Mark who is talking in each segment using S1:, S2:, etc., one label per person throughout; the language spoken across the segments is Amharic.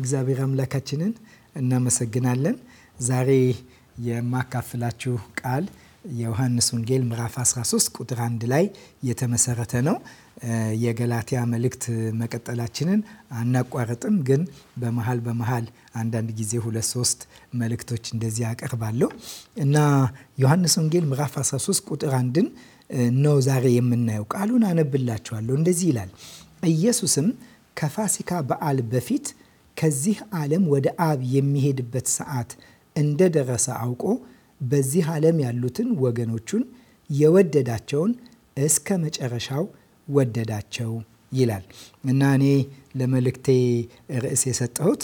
S1: እግዚአብሔር አምላካችንን እናመሰግናለን። ዛሬ የማካፍላችሁ ቃል የዮሐንስ ወንጌል ምዕራፍ 13 ቁጥር 1 ላይ የተመሰረተ ነው። የገላትያ መልእክት መቀጠላችንን አናቋረጥም፣ ግን በመሀል በመሀል አንዳንድ ጊዜ ሁለት ሶስት መልእክቶች እንደዚህ አቀርባለሁ እና ዮሐንስ ወንጌል ምዕራፍ 13 ቁጥር አንድን ነው ዛሬ የምናየው። ቃሉን አነብላችኋለሁ። እንደዚህ ይላል። ኢየሱስም ከፋሲካ በዓል በፊት ከዚህ ዓለም ወደ አብ የሚሄድበት ሰዓት እንደደረሰ አውቆ በዚህ ዓለም ያሉትን ወገኖቹን የወደዳቸውን እስከ መጨረሻው ወደዳቸው ይላል እና እኔ ለመልእክቴ ርዕስ የሰጠሁት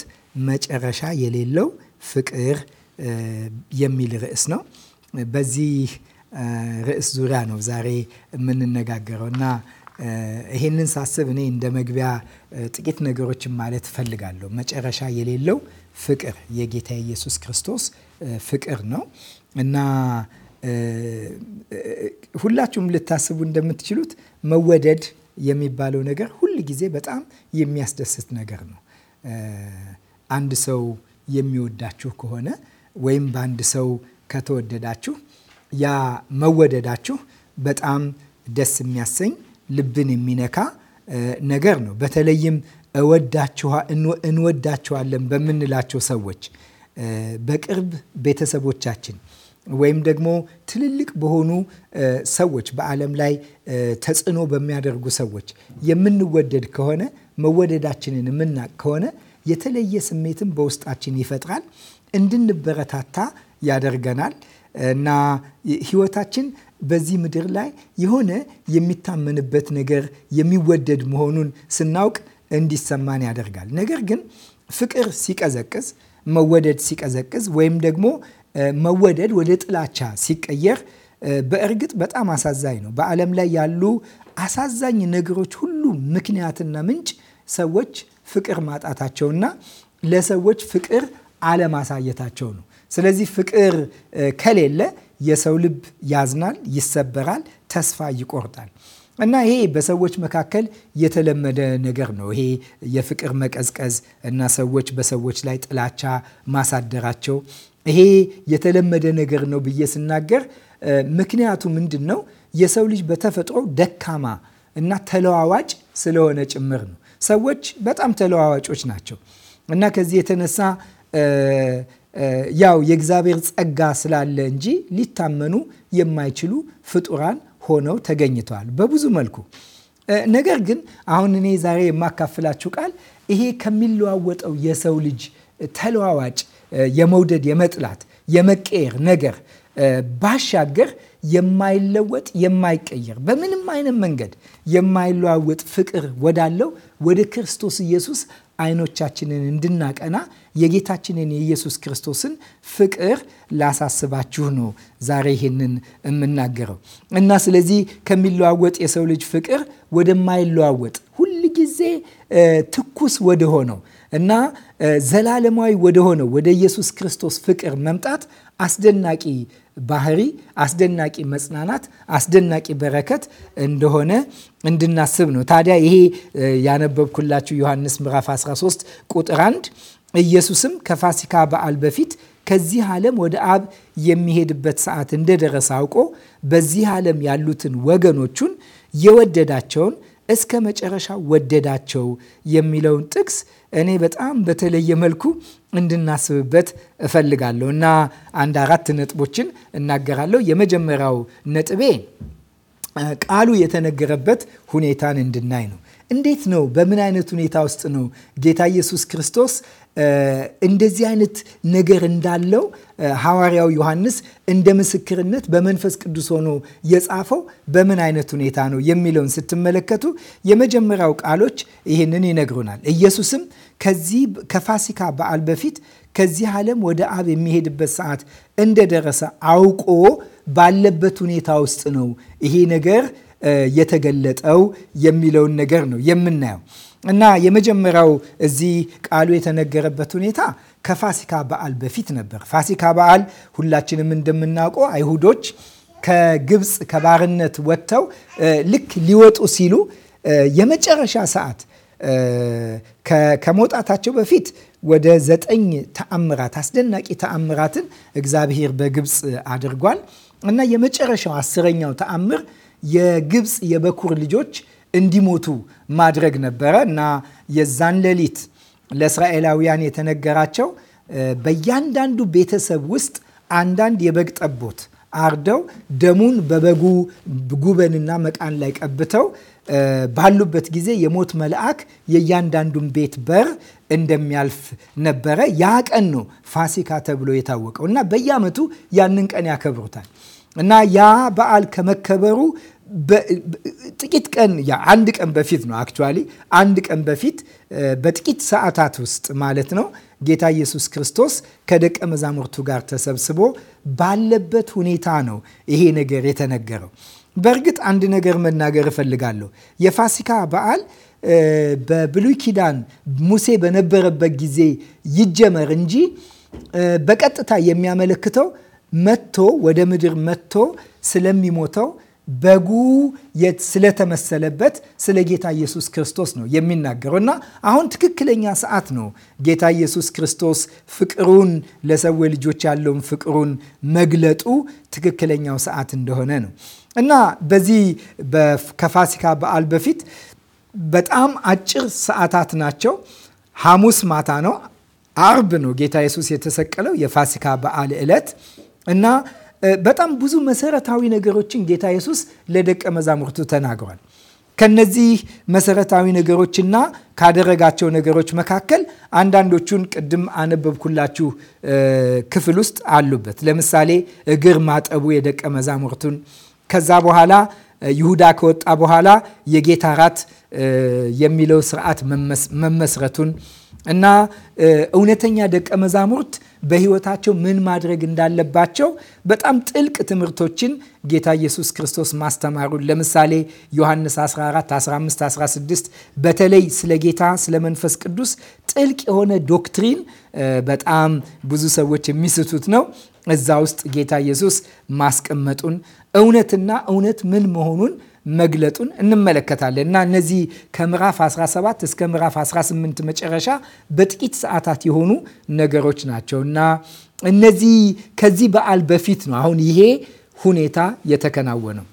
S1: መጨረሻ የሌለው ፍቅር የሚል ርዕስ ነው። በዚህ ርዕስ ዙሪያ ነው ዛሬ የምንነጋገረው እና ይሄንን ሳስብ እኔ እንደ መግቢያ ጥቂት ነገሮችን ማለት እፈልጋለሁ። መጨረሻ የሌለው ፍቅር የጌታ ኢየሱስ ክርስቶስ ፍቅር ነው እና ሁላችሁም ልታስቡ እንደምትችሉት መወደድ የሚባለው ነገር ሁል ጊዜ በጣም የሚያስደስት ነገር ነው። አንድ ሰው የሚወዳችሁ ከሆነ ወይም በአንድ ሰው ከተወደዳችሁ ያ መወደዳችሁ በጣም ደስ የሚያሰኝ ልብን የሚነካ ነገር ነው። በተለይም እንወዳችኋለን በምንላቸው ሰዎች በቅርብ ቤተሰቦቻችን ወይም ደግሞ ትልልቅ በሆኑ ሰዎች በዓለም ላይ ተጽዕኖ በሚያደርጉ ሰዎች የምንወደድ ከሆነ መወደዳችንን የምናቅ ከሆነ የተለየ ስሜትን በውስጣችን ይፈጥራል፣ እንድንበረታታ ያደርገናል እና ህይወታችን በዚህ ምድር ላይ የሆነ የሚታመንበት ነገር የሚወደድ መሆኑን ስናውቅ እንዲሰማን ያደርጋል። ነገር ግን ፍቅር ሲቀዘቅዝ፣ መወደድ ሲቀዘቅዝ ወይም ደግሞ መወደድ ወደ ጥላቻ ሲቀየር በእርግጥ በጣም አሳዛኝ ነው። በዓለም ላይ ያሉ አሳዛኝ ነገሮች ሁሉ ምክንያትና ምንጭ ሰዎች ፍቅር ማጣታቸውና ለሰዎች ፍቅር አለማሳየታቸው ነው። ስለዚህ ፍቅር ከሌለ የሰው ልብ ያዝናል፣ ይሰበራል፣ ተስፋ ይቆርጣል። እና ይሄ በሰዎች መካከል የተለመደ ነገር ነው። ይሄ የፍቅር መቀዝቀዝ እና ሰዎች በሰዎች ላይ ጥላቻ ማሳደራቸው ይሄ የተለመደ ነገር ነው ብዬ ስናገር ምክንያቱ ምንድን ነው? የሰው ልጅ በተፈጥሮ ደካማ እና ተለዋዋጭ ስለሆነ ጭምር ነው። ሰዎች በጣም ተለዋዋጮች ናቸው እና ከዚህ የተነሳ ያው የእግዚአብሔር ጸጋ ስላለ እንጂ ሊታመኑ የማይችሉ ፍጡራን ሆነው ተገኝተዋል በብዙ መልኩ። ነገር ግን አሁን እኔ ዛሬ የማካፍላችሁ ቃል ይሄ ከሚለዋወጠው የሰው ልጅ ተለዋዋጭ የመውደድ፣ የመጥላት፣ የመቀየር ነገር ባሻገር የማይለወጥ የማይቀየር በምንም አይነት መንገድ የማይለዋወጥ ፍቅር ወዳለው ወደ ክርስቶስ ኢየሱስ አይኖቻችንን እንድናቀና የጌታችንን የኢየሱስ ክርስቶስን ፍቅር ላሳስባችሁ ነው ዛሬ ይህንን የምናገረው እና ስለዚህ ከሚለዋወጥ የሰው ልጅ ፍቅር ወደማይለዋወጥ ሁል ጊዜ ትኩስ ወደሆነው እና ዘላለማዊ ወደሆነው ወደ ኢየሱስ ክርስቶስ ፍቅር መምጣት አስደናቂ ባህሪ አስደናቂ መጽናናት፣ አስደናቂ በረከት እንደሆነ እንድናስብ ነው። ታዲያ ይሄ ያነበብኩላችሁ ዮሐንስ ምዕራፍ 13 ቁጥር 1 ኢየሱስም ከፋሲካ በዓል በፊት ከዚህ ዓለም ወደ አብ የሚሄድበት ሰዓት እንደደረሰ አውቆ በዚህ ዓለም ያሉትን ወገኖቹን የወደዳቸውን እስከ መጨረሻ ወደዳቸው የሚለውን ጥቅስ እኔ በጣም በተለየ መልኩ እንድናስብበት እፈልጋለሁ እና አንድ አራት ነጥቦችን እናገራለሁ። የመጀመሪያው ነጥቤ ቃሉ የተነገረበት ሁኔታን እንድናይ ነው። እንዴት ነው? በምን አይነት ሁኔታ ውስጥ ነው ጌታ ኢየሱስ ክርስቶስ እንደዚህ አይነት ነገር እንዳለው ሐዋርያው ዮሐንስ እንደ ምስክርነት በመንፈስ ቅዱስ ሆኖ የጻፈው በምን አይነት ሁኔታ ነው የሚለውን ስትመለከቱ የመጀመሪያው ቃሎች ይህንን ይነግሩናል። ኢየሱስም ከዚህ ከፋሲካ በዓል በፊት ከዚህ ዓለም ወደ አብ የሚሄድበት ሰዓት እንደደረሰ አውቆ ባለበት ሁኔታ ውስጥ ነው ይሄ ነገር የተገለጠው የሚለውን ነገር ነው የምናየው። እና የመጀመሪያው እዚህ ቃሉ የተነገረበት ሁኔታ ከፋሲካ በዓል በፊት ነበር። ፋሲካ በዓል ሁላችንም እንደምናውቀው አይሁዶች ከግብፅ ከባርነት ወጥተው ልክ ሊወጡ ሲሉ የመጨረሻ ሰዓት ከመውጣታቸው በፊት ወደ ዘጠኝ ተአምራት አስደናቂ ተአምራትን እግዚአብሔር በግብፅ አድርጓል እና የመጨረሻው አስረኛው ተአምር የግብፅ የበኩር ልጆች እንዲሞቱ ማድረግ ነበረ እና የዛን ሌሊት ለእስራኤላውያን የተነገራቸው በእያንዳንዱ ቤተሰብ ውስጥ አንዳንድ የበግ ጠቦት አርደው ደሙን በበጉ ጉበንና መቃን ላይ ቀብተው ባሉበት ጊዜ የሞት መልአክ የእያንዳንዱን ቤት በር እንደሚያልፍ ነበረ። ያ ቀን ነው ፋሲካ ተብሎ የታወቀው እና በየዓመቱ ያንን ቀን ያከብሩታል። እና ያ በዓል ከመከበሩ ጥቂት ቀን አንድ ቀን በፊት ነው አክቹዋሊ አንድ ቀን በፊት በጥቂት ሰዓታት ውስጥ ማለት ነው ጌታ ኢየሱስ ክርስቶስ ከደቀ መዛሙርቱ ጋር ተሰብስቦ ባለበት ሁኔታ ነው ይሄ ነገር የተነገረው። በእርግጥ አንድ ነገር መናገር እፈልጋለሁ። የፋሲካ በዓል በብሉይ ኪዳን ሙሴ በነበረበት ጊዜ ይጀመር እንጂ በቀጥታ የሚያመለክተው መጥቶ ወደ ምድር መጥቶ ስለሚሞተው በጉ ስለተመሰለበት ስለ ጌታ ኢየሱስ ክርስቶስ ነው የሚናገረው እና አሁን ትክክለኛ ሰዓት ነው ጌታ ኢየሱስ ክርስቶስ ፍቅሩን ለሰው ልጆች ያለውን ፍቅሩን መግለጡ ትክክለኛው ሰዓት እንደሆነ ነው እና በዚህ ከፋሲካ በዓል በፊት በጣም አጭር ሰዓታት ናቸው። ሐሙስ ማታ ነው፣ አርብ ነው ጌታ ኢየሱስ የተሰቀለው የፋሲካ በዓል ዕለት እና በጣም ብዙ መሰረታዊ ነገሮችን ጌታ ኢየሱስ ለደቀ መዛሙርቱ ተናግሯል። ከነዚህ መሰረታዊ ነገሮችና ካደረጋቸው ነገሮች መካከል አንዳንዶቹን ቅድም አነበብኩላችሁ ክፍል ውስጥ አሉበት። ለምሳሌ እግር ማጠቡ የደቀ መዛሙርቱን ከዛ በኋላ ይሁዳ ከወጣ በኋላ የጌታ ራት የሚለው ስርዓት መመስረቱን እና እውነተኛ ደቀ መዛሙርት በህይወታቸው ምን ማድረግ እንዳለባቸው በጣም ጥልቅ ትምህርቶችን ጌታ ኢየሱስ ክርስቶስ ማስተማሩን ለምሳሌ ዮሐንስ 14 15 16 በተለይ ስለ ጌታ ስለ መንፈስ ቅዱስ ጥልቅ የሆነ ዶክትሪን በጣም ብዙ ሰዎች የሚስቱት ነው። እዛ ውስጥ ጌታ ኢየሱስ ማስቀመጡን እውነትና እውነት ምን መሆኑን መግለጡን እንመለከታለን እና እነዚህ ከምዕራፍ 17 እስከ ምዕራፍ 18 መጨረሻ በጥቂት ሰዓታት የሆኑ ነገሮች ናቸው እና እነዚህ ከዚህ በዓል በፊት ነው አሁን ይሄ ሁኔታ የተከናወነው።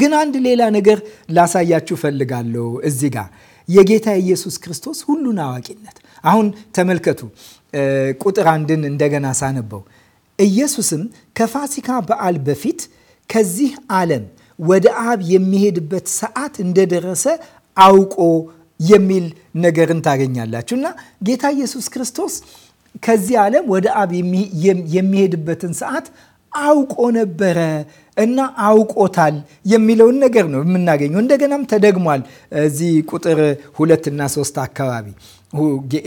S1: ግን አንድ ሌላ ነገር ላሳያችሁ ፈልጋለሁ እዚህ ጋር የጌታ ኢየሱስ ክርስቶስ ሁሉን አዋቂነት። አሁን ተመልከቱ ቁጥር አንድን እንደገና ሳነበው ኢየሱስም ከፋሲካ በዓል በፊት ከዚህ ዓለም ወደ አብ የሚሄድበት ሰዓት እንደደረሰ አውቆ የሚል ነገርን ታገኛላችሁ እና ጌታ ኢየሱስ ክርስቶስ ከዚህ ዓለም ወደ አብ የሚሄድበትን ሰዓት አውቆ ነበረ እና አውቆታል የሚለውን ነገር ነው የምናገኘው። እንደገናም ተደግሟል እዚህ ቁጥር ሁለትና ሶስት አካባቢ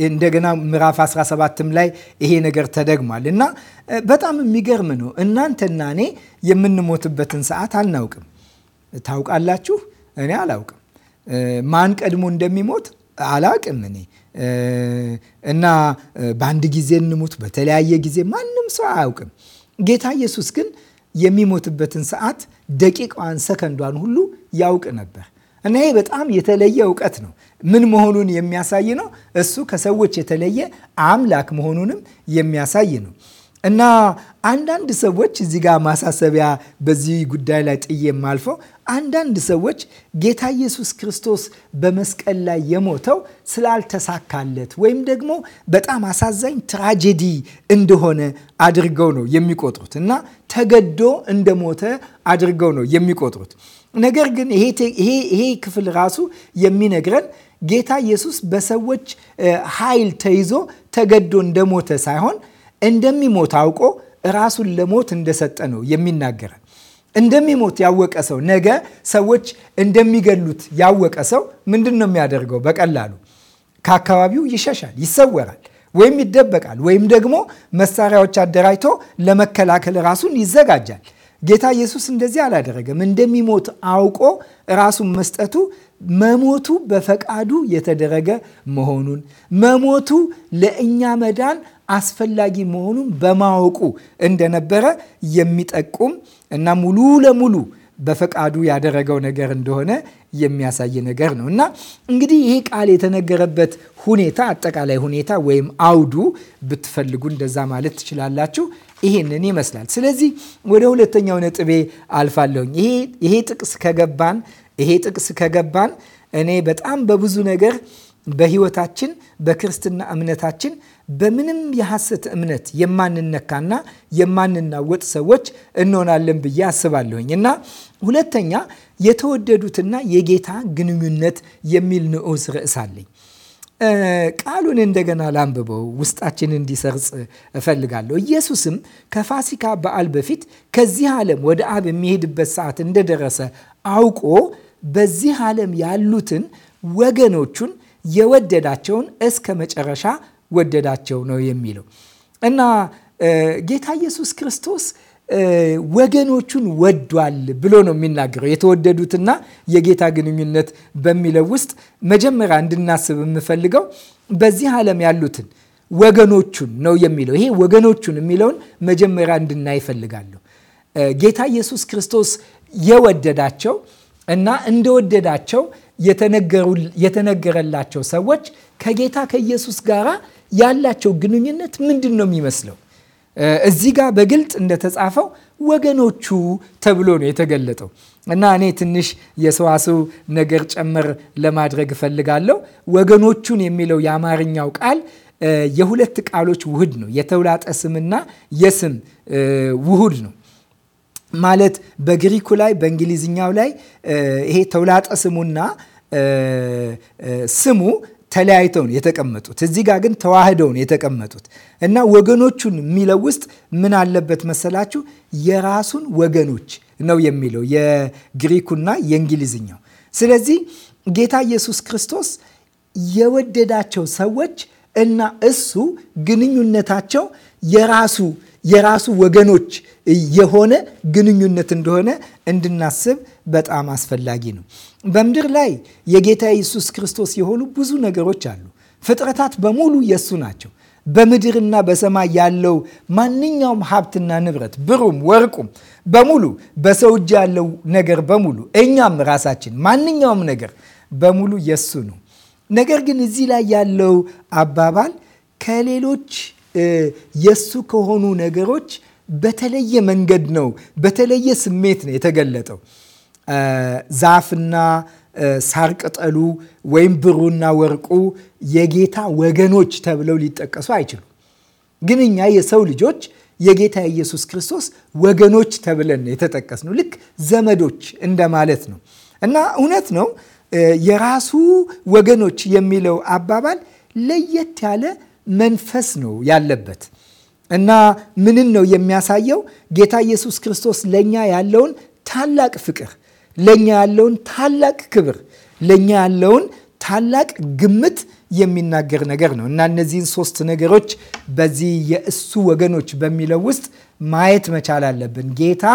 S1: እንደገና ምዕራፍ 17ም ላይ ይሄ ነገር ተደግሟል እና በጣም የሚገርም ነው። እናንተና እኔ የምንሞትበትን ሰዓት አናውቅም። ታውቃላችሁ? እኔ አላውቅም። ማን ቀድሞ እንደሚሞት አላውቅም እኔ እና በአንድ ጊዜ እንሙት፣ በተለያየ ጊዜ ማንም ሰው አያውቅም። ጌታ ኢየሱስ ግን የሚሞትበትን ሰዓት፣ ደቂቃዋን፣ ሰከንዷን ሁሉ ያውቅ ነበር እና ይህ በጣም የተለየ እውቀት ነው። ምን መሆኑን የሚያሳይ ነው። እሱ ከሰዎች የተለየ አምላክ መሆኑንም የሚያሳይ ነው። እና አንዳንድ ሰዎች እዚህ ጋር ማሳሰቢያ በዚህ ጉዳይ ላይ ጥዬ የማልፈው አንዳንድ ሰዎች ጌታ ኢየሱስ ክርስቶስ በመስቀል ላይ የሞተው ስላልተሳካለት ወይም ደግሞ በጣም አሳዛኝ ትራጀዲ እንደሆነ አድርገው ነው የሚቆጥሩት እና ተገዶ እንደሞተ አድርገው ነው የሚቆጥሩት። ነገር ግን ይሄ ክፍል ራሱ የሚነግረን ጌታ ኢየሱስ በሰዎች ኃይል ተይዞ ተገዶ እንደሞተ ሳይሆን እንደሚሞት አውቆ ራሱን ለሞት እንደሰጠ ነው የሚናገረ። እንደሚሞት ያወቀ ሰው ነገ ሰዎች እንደሚገሉት ያወቀ ሰው ምንድን ነው የሚያደርገው? በቀላሉ ከአካባቢው ይሸሻል፣ ይሰወራል፣ ወይም ይደበቃል፣ ወይም ደግሞ መሳሪያዎች አደራጅቶ ለመከላከል ራሱን ይዘጋጃል። ጌታ ኢየሱስ እንደዚህ አላደረገም። እንደሚሞት አውቆ ራሱን መስጠቱ መሞቱ በፈቃዱ የተደረገ መሆኑን መሞቱ ለእኛ መዳን አስፈላጊ መሆኑን በማወቁ እንደነበረ የሚጠቁም እና ሙሉ ለሙሉ በፈቃዱ ያደረገው ነገር እንደሆነ የሚያሳይ ነገር ነው እና እንግዲህ ይሄ ቃል የተነገረበት ሁኔታ አጠቃላይ ሁኔታ ወይም አውዱ ብትፈልጉ እንደዛ ማለት ትችላላችሁ። ይሄንን ይመስላል። ስለዚህ ወደ ሁለተኛው ነጥቤ አልፋለሁኝ። ይሄ ጥቅስ ከገባን ይሄ ጥቅስ ከገባን እኔ በጣም በብዙ ነገር በህይወታችን በክርስትና እምነታችን በምንም የሐሰት እምነት የማንነካና የማንናወጥ ሰዎች እንሆናለን ብዬ አስባለሁኝ እና ሁለተኛ የተወደዱትና የጌታ ግንኙነት የሚል ንዑስ ርዕስ አለኝ። ቃሉን እንደገና ላንብበው፣ ውስጣችን እንዲሰርጽ እፈልጋለሁ። ኢየሱስም ከፋሲካ በዓል በፊት ከዚህ ዓለም ወደ አብ የሚሄድበት ሰዓት እንደደረሰ አውቆ በዚህ ዓለም ያሉትን ወገኖቹን የወደዳቸውን እስከ መጨረሻ ወደዳቸው ነው የሚለው እና ጌታ ኢየሱስ ክርስቶስ ወገኖቹን ወዷል ብሎ ነው የሚናገረው። የተወደዱትና የጌታ ግንኙነት በሚለው ውስጥ መጀመሪያ እንድናስብ የምፈልገው በዚህ ዓለም ያሉትን ወገኖቹን ነው የሚለው። ይሄ ወገኖቹን የሚለውን መጀመሪያ እንድናይ እፈልጋለሁ። ጌታ ኢየሱስ ክርስቶስ የወደዳቸው እና እንደወደዳቸው የተነገረላቸው ሰዎች ከጌታ ከኢየሱስ ጋር ያላቸው ግንኙነት ምንድን ነው የሚመስለው? እዚህ ጋር በግልጥ እንደተጻፈው ወገኖቹ ተብሎ ነው የተገለጠው እና እኔ ትንሽ የሰዋስው ነገር ጨመር ለማድረግ እፈልጋለሁ። ወገኖቹን የሚለው የአማርኛው ቃል የሁለት ቃሎች ውህድ ነው። የተውላጠ ስምና የስም ውህድ ነው ማለት በግሪኩ ላይ በእንግሊዝኛው ላይ ይሄ ተውላጠ ስሙና ስሙ ተለያይተው ነው የተቀመጡት። እዚህ ጋር ግን ተዋህደው ነው የተቀመጡት እና ወገኖቹን የሚለው ውስጥ ምን አለበት መሰላችሁ? የራሱን ወገኖች ነው የሚለው የግሪኩና የእንግሊዝኛው። ስለዚህ ጌታ ኢየሱስ ክርስቶስ የወደዳቸው ሰዎች እና እሱ ግንኙነታቸው የራሱ የራሱ ወገኖች የሆነ ግንኙነት እንደሆነ እንድናስብ በጣም አስፈላጊ ነው። በምድር ላይ የጌታ ኢየሱስ ክርስቶስ የሆኑ ብዙ ነገሮች አሉ። ፍጥረታት በሙሉ የእሱ ናቸው። በምድርና በሰማይ ያለው ማንኛውም ሀብትና ንብረት ብሩም ወርቁም በሙሉ በሰው እጅ ያለው ነገር በሙሉ እኛም ራሳችን ማንኛውም ነገር በሙሉ የሱ ነው። ነገር ግን እዚህ ላይ ያለው አባባል ከሌሎች የሱ ከሆኑ ነገሮች በተለየ መንገድ ነው፣ በተለየ ስሜት ነው የተገለጠው። ዛፍና ሳር ቅጠሉ ወይም ብሩና ወርቁ የጌታ ወገኖች ተብለው ሊጠቀሱ አይችሉም። ግን እኛ የሰው ልጆች የጌታ ኢየሱስ ክርስቶስ ወገኖች ተብለን የተጠቀስነው ልክ ዘመዶች እንደማለት ነው እና እውነት ነው የራሱ ወገኖች የሚለው አባባል ለየት ያለ መንፈስ ነው ያለበት እና ምንን ነው የሚያሳየው? ጌታ ኢየሱስ ክርስቶስ ለእኛ ያለውን ታላቅ ፍቅር ለእኛ ያለውን ታላቅ ክብር፣ ለእኛ ያለውን ታላቅ ግምት የሚናገር ነገር ነው እና እነዚህን ሶስት ነገሮች በዚህ የእሱ ወገኖች በሚለው ውስጥ ማየት መቻል አለብን። ጌታ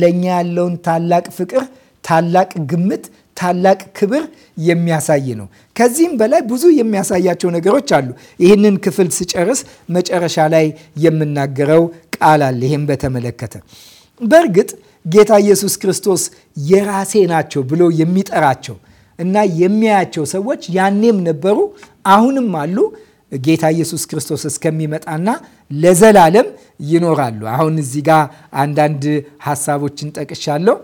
S1: ለእኛ ያለውን ታላቅ ፍቅር፣ ታላቅ ግምት፣ ታላቅ ክብር የሚያሳይ ነው። ከዚህም በላይ ብዙ የሚያሳያቸው ነገሮች አሉ። ይህንን ክፍል ስጨርስ መጨረሻ ላይ የምናገረው ቃል አለ። ይህም በተመለከተ በእርግጥ ጌታ ኢየሱስ ክርስቶስ የራሴ ናቸው ብሎ የሚጠራቸው እና የሚያያቸው ሰዎች ያኔም ነበሩ፣ አሁንም አሉ። ጌታ ኢየሱስ ክርስቶስ እስከሚመጣና ለዘላለም ይኖራሉ። አሁን እዚህ ጋር አንዳንድ ሀሳቦችን ጠቅሻለሁ።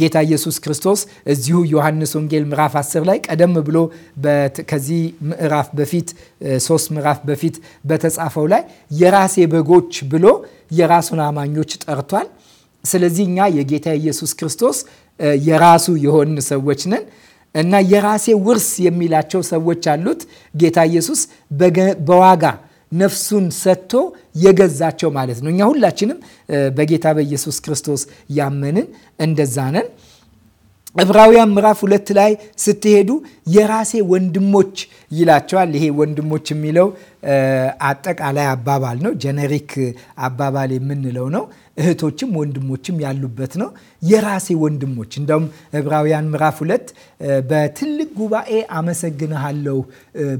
S1: ጌታ ኢየሱስ ክርስቶስ እዚሁ ዮሐንስ ወንጌል ምዕራፍ 10 ላይ ቀደም ብሎ ከዚህ ምዕራፍ በፊት ሶስት ምዕራፍ በፊት በተጻፈው ላይ የራሴ በጎች ብሎ የራሱን አማኞች ጠርቷል። ስለዚህ እኛ የጌታ ኢየሱስ ክርስቶስ የራሱ የሆን ሰዎች ነን እና የራሴ ውርስ የሚላቸው ሰዎች አሉት። ጌታ ኢየሱስ በዋጋ ነፍሱን ሰጥቶ የገዛቸው ማለት ነው። እኛ ሁላችንም በጌታ በኢየሱስ ክርስቶስ ያመንን እንደዛ ነን። ዕብራውያን ምዕራፍ ሁለት ላይ ስትሄዱ የራሴ ወንድሞች ይላቸዋል። ይሄ ወንድሞች የሚለው አጠቃላይ አባባል ነው፣ ጀነሪክ አባባል የምንለው ነው። እህቶችም ወንድሞችም ያሉበት ነው። የራሴ ወንድሞች እንደውም ዕብራውያን ምዕራፍ ሁለት በትልቅ ጉባኤ አመሰግንሃለሁ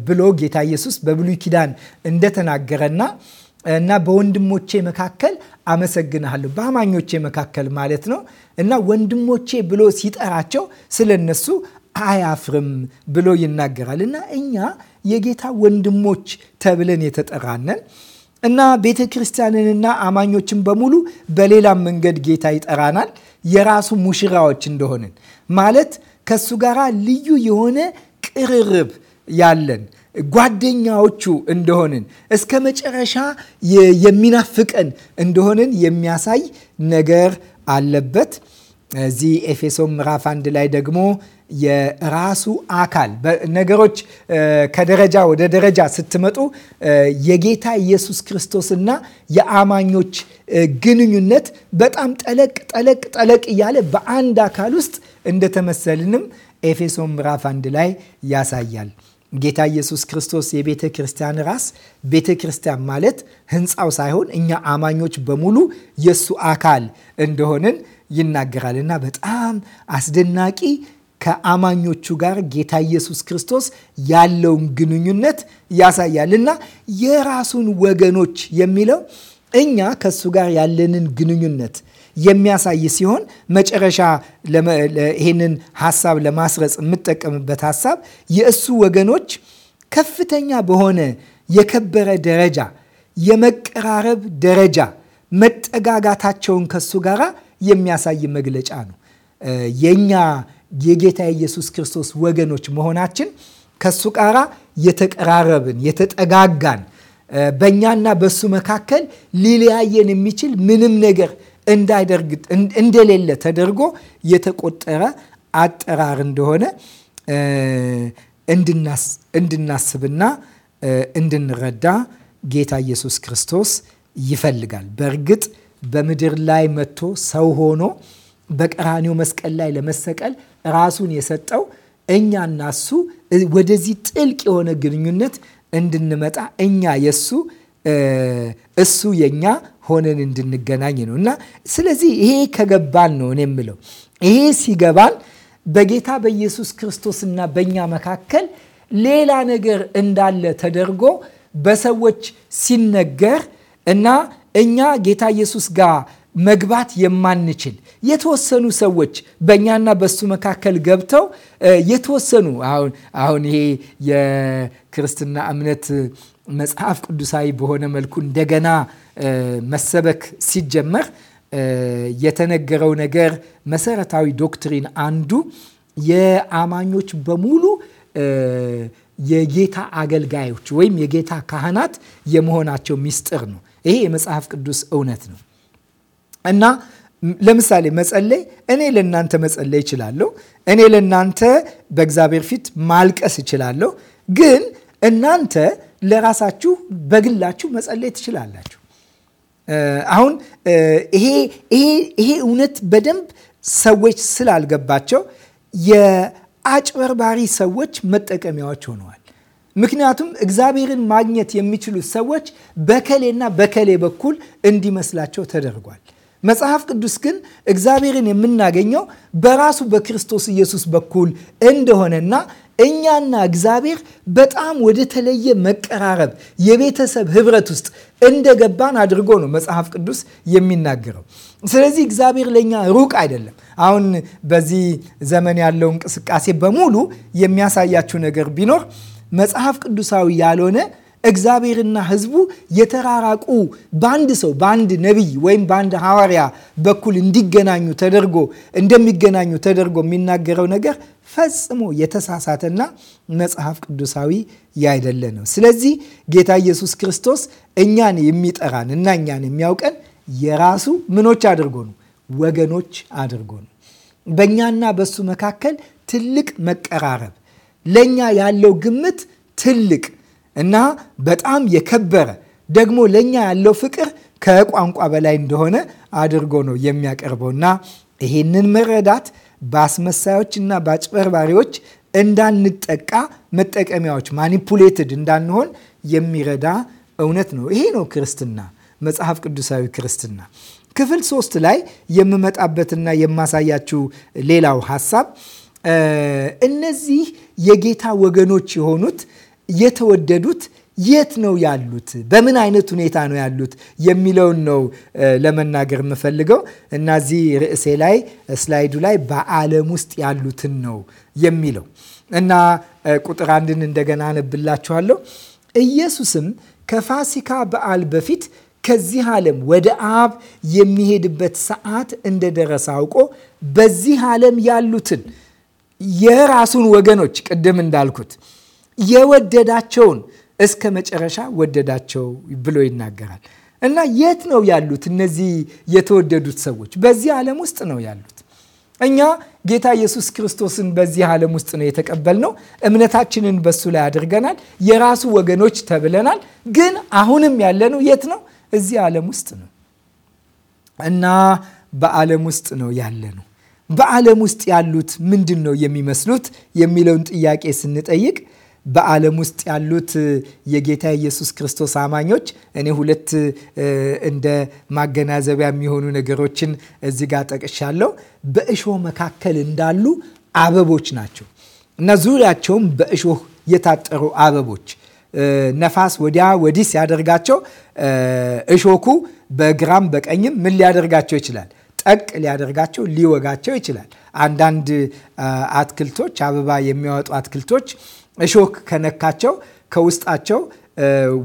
S1: ብሎ ጌታ ኢየሱስ በብሉይ ኪዳን እንደተናገረና እና በወንድሞቼ መካከል አመሰግንሃለሁ በአማኞቼ መካከል ማለት ነው እና ወንድሞቼ ብሎ ሲጠራቸው ስለ እነሱ አያፍርም ብሎ ይናገራል እና እኛ የጌታ ወንድሞች ተብለን የተጠራነን እና ቤተ ክርስቲያንንና አማኞችን በሙሉ በሌላም መንገድ ጌታ ይጠራናል። የራሱ ሙሽራዎች እንደሆንን ማለት ከእሱ ጋር ልዩ የሆነ ቅርርብ ያለን ጓደኛዎቹ እንደሆንን እስከ መጨረሻ የሚናፍቀን እንደሆንን የሚያሳይ ነገር አለበት። እዚህ ኤፌሶን ምዕራፍ አንድ ላይ ደግሞ የራሱ አካል ነገሮች ከደረጃ ወደ ደረጃ ስትመጡ የጌታ ኢየሱስ ክርስቶስና የአማኞች ግንኙነት በጣም ጠለቅ ጠለቅ ጠለቅ እያለ በአንድ አካል ውስጥ እንደተመሰልንም ኤፌሶን ምዕራፍ አንድ ላይ ያሳያል። ጌታ ኢየሱስ ክርስቶስ የቤተ ክርስቲያን ራስ፣ ቤተ ክርስቲያን ማለት ህንፃው ሳይሆን እኛ አማኞች በሙሉ የእሱ አካል እንደሆንን ይናገራል እና በጣም አስደናቂ ከአማኞቹ ጋር ጌታ ኢየሱስ ክርስቶስ ያለውን ግንኙነት ያሳያል እና የራሱን ወገኖች የሚለው እኛ ከእሱ ጋር ያለንን ግንኙነት የሚያሳይ ሲሆን መጨረሻ ይህንን ሀሳብ ለማስረጽ የምጠቀምበት ሀሳብ የእሱ ወገኖች ከፍተኛ በሆነ የከበረ ደረጃ የመቀራረብ ደረጃ መጠጋጋታቸውን ከእሱ ጋራ የሚያሳይ መግለጫ ነው። የእኛ የጌታ ኢየሱስ ክርስቶስ ወገኖች መሆናችን ከሱ ጋራ የተቀራረብን የተጠጋጋን በእኛና በሱ መካከል ሊለያየን የሚችል ምንም ነገር እንዳይደርግ እንደሌለ ተደርጎ የተቆጠረ አጠራር እንደሆነ እንድናስብና እንድንረዳ ጌታ ኢየሱስ ክርስቶስ ይፈልጋል። በእርግጥ በምድር ላይ መጥቶ ሰው ሆኖ በቀራኒው መስቀል ላይ ለመሰቀል ራሱን የሰጠው እኛና እሱ ወደዚህ ጥልቅ የሆነ ግንኙነት እንድንመጣ እኛ የእሱ እሱ የእኛ ሆነን እንድንገናኝ ነው እና ስለዚህ ይሄ ከገባን ነው እኔ የምለው ይሄ ሲገባን በጌታ በኢየሱስ ክርስቶስና በእኛ መካከል ሌላ ነገር እንዳለ ተደርጎ በሰዎች ሲነገር እና እኛ ጌታ ኢየሱስ ጋር መግባት የማንችል የተወሰኑ ሰዎች በእኛና በሱ መካከል ገብተው የተወሰኑ አሁን አሁን ይሄ የክርስትና እምነት መጽሐፍ ቅዱሳዊ በሆነ መልኩ እንደገና መሰበክ ሲጀመር የተነገረው ነገር መሰረታዊ ዶክትሪን አንዱ የአማኞች በሙሉ የጌታ አገልጋዮች ወይም የጌታ ካህናት የመሆናቸው ሚስጥር ነው። ይሄ የመጽሐፍ ቅዱስ እውነት ነው እና ለምሳሌ መጸለይ፣ እኔ ለእናንተ መጸለይ እችላለሁ። እኔ ለእናንተ በእግዚአብሔር ፊት ማልቀስ እችላለሁ። ግን እናንተ ለራሳችሁ በግላችሁ መጸለይ ትችላላችሁ። አሁን ይሄ እውነት በደንብ ሰዎች ስላልገባቸው የአጭበርባሪ ሰዎች መጠቀሚያዎች ሆነዋል። ምክንያቱም እግዚአብሔርን ማግኘት የሚችሉ ሰዎች በከሌና በከሌ በኩል እንዲመስላቸው ተደርጓል። መጽሐፍ ቅዱስ ግን እግዚአብሔርን የምናገኘው በራሱ በክርስቶስ ኢየሱስ በኩል እንደሆነና እኛና እግዚአብሔር በጣም ወደ ተለየ መቀራረብ የቤተሰብ ህብረት ውስጥ እንደገባን አድርጎ ነው መጽሐፍ ቅዱስ የሚናገረው። ስለዚህ እግዚአብሔር ለእኛ ሩቅ አይደለም። አሁን በዚህ ዘመን ያለው እንቅስቃሴ በሙሉ የሚያሳያችው ነገር ቢኖር መጽሐፍ ቅዱሳዊ ያልሆነ እግዚአብሔርና ሕዝቡ የተራራቁ በአንድ ሰው በአንድ ነቢይ ወይም በአንድ ሐዋርያ በኩል እንዲገናኙ ተደርጎ እንደሚገናኙ ተደርጎ የሚናገረው ነገር ፈጽሞ የተሳሳተና መጽሐፍ ቅዱሳዊ ያይደለ ነው። ስለዚህ ጌታ ኢየሱስ ክርስቶስ እኛን የሚጠራን እና እኛን የሚያውቀን የራሱ ምኖች አድርጎ ነው፣ ወገኖች አድርጎ ነው። በእኛና በሱ መካከል ትልቅ መቀራረብ ለእኛ ያለው ግምት ትልቅ እና በጣም የከበረ ደግሞ ለእኛ ያለው ፍቅር ከቋንቋ በላይ እንደሆነ አድርጎ ነው የሚያቀርበው እና ይሄንን መረዳት በአስመሳዮች እና በአጭበርባሪዎች እንዳንጠቃ መጠቀሚያዎች ማኒፑሌትድ እንዳንሆን የሚረዳ እውነት ነው። ይሄ ነው ክርስትና፣ መጽሐፍ ቅዱሳዊ ክርስትና። ክፍል ሶስት ላይ የምመጣበትና የማሳያችው ሌላው ሀሳብ እነዚህ የጌታ ወገኖች የሆኑት የተወደዱት የት ነው ያሉት? በምን አይነት ሁኔታ ነው ያሉት የሚለውን ነው ለመናገር የምፈልገው እና እዚህ ርዕሴ ላይ ስላይዱ ላይ በዓለም ውስጥ ያሉትን ነው የሚለው እና ቁጥር አንድን እንደገና አነብላችኋለሁ። ኢየሱስም ከፋሲካ በዓል በፊት ከዚህ ዓለም ወደ አብ የሚሄድበት ሰዓት እንደደረሰ አውቆ በዚህ ዓለም ያሉትን የራሱን ወገኖች ቅድም እንዳልኩት የወደዳቸውን እስከ መጨረሻ ወደዳቸው ብሎ ይናገራል። እና የት ነው ያሉት እነዚህ የተወደዱት ሰዎች? በዚህ ዓለም ውስጥ ነው ያሉት። እኛ ጌታ ኢየሱስ ክርስቶስን በዚህ ዓለም ውስጥ ነው የተቀበልነው። እምነታችንን በሱ ላይ አድርገናል። የራሱ ወገኖች ተብለናል። ግን አሁንም ያለነው የት ነው? እዚህ ዓለም ውስጥ ነው እና በዓለም ውስጥ ነው ያለነው በዓለም ውስጥ ያሉት ምንድን ነው የሚመስሉት የሚለውን ጥያቄ ስንጠይቅ በዓለም ውስጥ ያሉት የጌታ ኢየሱስ ክርስቶስ አማኞች እኔ ሁለት እንደ ማገናዘቢያ የሚሆኑ ነገሮችን እዚህ ጋር ጠቅሻለሁ። በእሾህ መካከል እንዳሉ አበቦች ናቸው እና ዙሪያቸውም በእሾህ የታጠሩ አበቦች ነፋስ ወዲያ ወዲህ ሲያደርጋቸው እሾኩ በግራም በቀኝም ምን ሊያደርጋቸው ይችላል? ጠቅ ሊያደርጋቸው ሊወጋቸው ይችላል። አንዳንድ አትክልቶች አበባ የሚያወጡ አትክልቶች እሾክ ከነካቸው ከውስጣቸው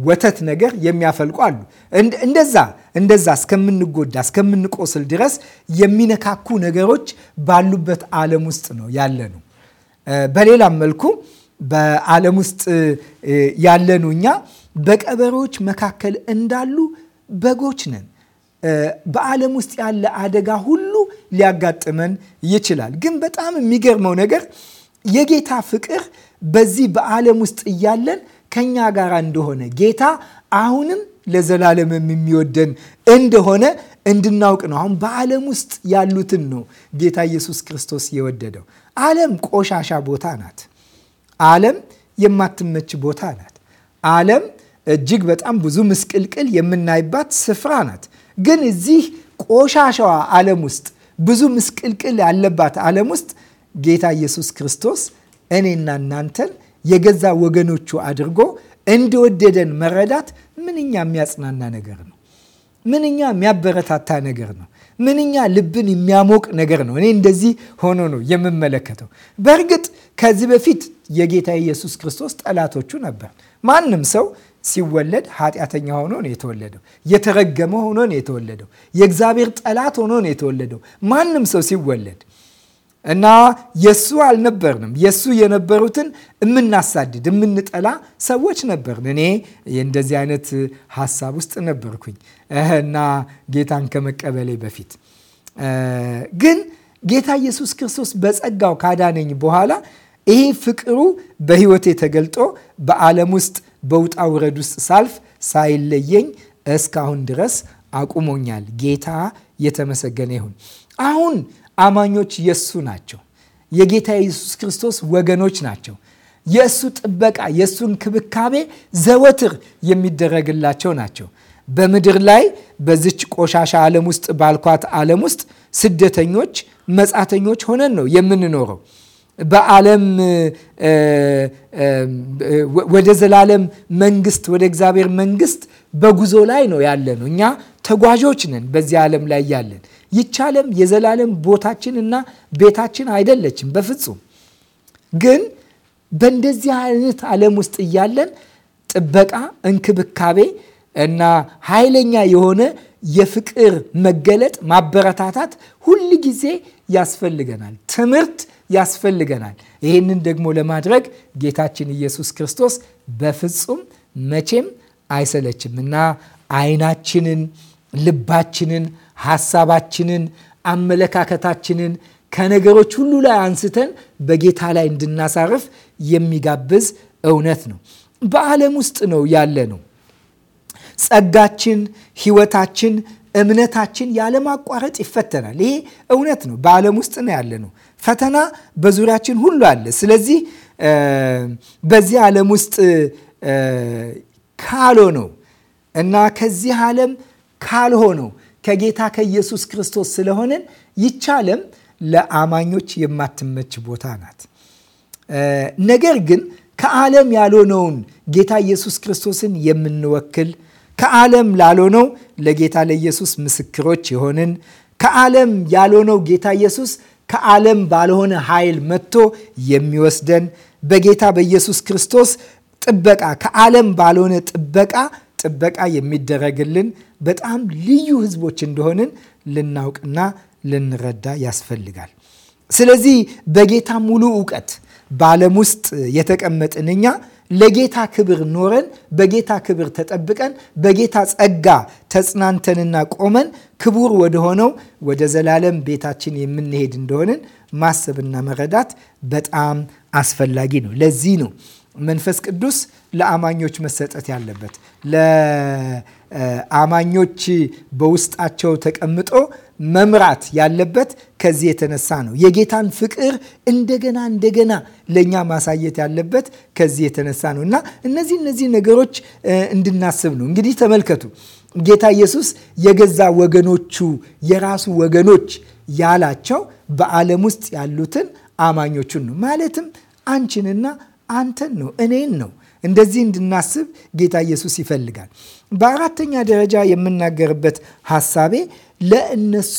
S1: ወተት ነገር የሚያፈልቁ አሉ። እንደዛ እንደዛ እስከምንጎዳ እስከምንቆስል ድረስ የሚነካኩ ነገሮች ባሉበት ዓለም ውስጥ ነው ያለኑ። በሌላም መልኩ በዓለም ውስጥ ያለኑ እኛ በቀበሮዎች መካከል እንዳሉ በጎች ነን። በዓለም ውስጥ ያለ አደጋ ሁሉ ሊያጋጥመን ይችላል። ግን በጣም የሚገርመው ነገር የጌታ ፍቅር በዚህ በዓለም ውስጥ እያለን ከኛ ጋር እንደሆነ ጌታ አሁንም ለዘላለምም የሚወደን እንደሆነ እንድናውቅ ነው። አሁን በዓለም ውስጥ ያሉትን ነው ጌታ ኢየሱስ ክርስቶስ የወደደው። ዓለም ቆሻሻ ቦታ ናት። ዓለም የማትመች ቦታ ናት። ዓለም እጅግ በጣም ብዙ ምስቅልቅል የምናይባት ስፍራ ናት። ግን እዚህ ቆሻሻዋ ዓለም ውስጥ ብዙ ምስቅልቅል ያለባት ዓለም ውስጥ ጌታ ኢየሱስ ክርስቶስ እኔና እናንተን የገዛ ወገኖቹ አድርጎ እንደወደደን መረዳት ምንኛ የሚያጽናና ነገር ነው። ምንኛ የሚያበረታታ ነገር ነው። ምንኛ ልብን የሚያሞቅ ነገር ነው። እኔ እንደዚህ ሆኖ ነው የምመለከተው። በእርግጥ ከዚህ በፊት የጌታ ኢየሱስ ክርስቶስ ጠላቶቹ ነበር። ማንም ሰው ሲወለድ ኃጢአተኛ ሆኖ ነው የተወለደው። የተረገመ ሆኖ ነው የተወለደው። የእግዚአብሔር ጠላት ሆኖ ነው የተወለደው። ማንም ሰው ሲወለድ እና የሱ አልነበርንም። የሱ የነበሩትን የምናሳድድ የምንጠላ ሰዎች ነበርን። እኔ እንደዚህ አይነት ሀሳብ ውስጥ ነበርኩኝ እና ጌታን ከመቀበሌ በፊት ግን ጌታ ኢየሱስ ክርስቶስ በጸጋው ካዳነኝ በኋላ ይሄ ፍቅሩ በሕይወቴ ተገልጦ በዓለም ውስጥ በውጣ ውረድ ውስጥ ሳልፍ ሳይለየኝ እስካሁን ድረስ አቁሞኛል። ጌታ የተመሰገነ ይሁን። አሁን አማኞች የእሱ ናቸው። የጌታ ኢየሱስ ክርስቶስ ወገኖች ናቸው። የእሱ ጥበቃ፣ የእሱ እንክብካቤ ዘወትር የሚደረግላቸው ናቸው። በምድር ላይ በዚች ቆሻሻ ዓለም ውስጥ ባልኳት ዓለም ውስጥ ስደተኞች፣ መጻተኞች ሆነን ነው የምንኖረው በዓለም ወደ ዘላለም መንግስት ወደ እግዚአብሔር መንግስት በጉዞ ላይ ነው ያለ ነው። እኛ ተጓዦች ነን በዚህ ዓለም ላይ ያለን። ይች ዓለም የዘላለም ቦታችን እና ቤታችን አይደለችም በፍጹም። ግን በእንደዚህ አይነት ዓለም ውስጥ እያለን ጥበቃ፣ እንክብካቤ እና ኃይለኛ የሆነ የፍቅር መገለጥ ማበረታታት ሁል ጊዜ ያስፈልገናል። ትምህርት ያስፈልገናል። ይህንን ደግሞ ለማድረግ ጌታችን ኢየሱስ ክርስቶስ በፍጹም መቼም አይሰለችም እና አይናችንን ልባችንን፣ ሀሳባችንን፣ አመለካከታችንን ከነገሮች ሁሉ ላይ አንስተን በጌታ ላይ እንድናሳርፍ የሚጋብዝ እውነት ነው። በዓለም ውስጥ ነው ያለ ነው። ጸጋችን፣ ህይወታችን እምነታችን ያለማቋረጥ ይፈተናል። ይሄ እውነት ነው። በዓለም ውስጥ ነው ያለ ነው። ፈተና በዙሪያችን ሁሉ አለ። ስለዚህ በዚህ ዓለም ውስጥ ካልሆነው እና ከዚህ ዓለም ካልሆነው ከጌታ ከኢየሱስ ክርስቶስ ስለሆነን ይች ዓለም ለአማኞች የማትመች ቦታ ናት። ነገር ግን ከዓለም ያልሆነውን ጌታ ኢየሱስ ክርስቶስን የምንወክል ከዓለም ላልሆነው ለጌታ ለኢየሱስ ምስክሮች የሆንን ከዓለም ያልሆነው ጌታ ኢየሱስ ከዓለም ባልሆነ ኃይል መጥቶ የሚወስደን በጌታ በኢየሱስ ክርስቶስ ጥበቃ ከዓለም ባልሆነ ጥበቃ ጥበቃ የሚደረግልን በጣም ልዩ ህዝቦች እንደሆንን ልናውቅና ልንረዳ ያስፈልጋል። ስለዚህ በጌታ ሙሉ እውቀት በዓለም ውስጥ የተቀመጥን እኛ ለጌታ ክብር ኖረን በጌታ ክብር ተጠብቀን በጌታ ጸጋ ተጽናንተንና ቆመን ክቡር ወደሆነው ወደ ዘላለም ቤታችን የምንሄድ እንደሆንን ማሰብና መረዳት በጣም አስፈላጊ ነው። ለዚህ ነው መንፈስ ቅዱስ ለአማኞች መሰጠት ያለበት ለአማኞች በውስጣቸው ተቀምጦ መምራት ያለበት ከዚህ የተነሳ ነው። የጌታን ፍቅር እንደገና እንደገና ለእኛ ማሳየት ያለበት ከዚህ የተነሳ ነው እና እነዚህ እነዚህ ነገሮች እንድናስብ ነው። እንግዲህ ተመልከቱ ጌታ ኢየሱስ የገዛ ወገኖቹ የራሱ ወገኖች ያላቸው በዓለም ውስጥ ያሉትን አማኞቹን ነው። ማለትም አንቺንና አንተን ነው፣ እኔን ነው። እንደዚህ እንድናስብ ጌታ ኢየሱስ ይፈልጋል። በአራተኛ ደረጃ የምናገርበት ሀሳቤ ለእነሱ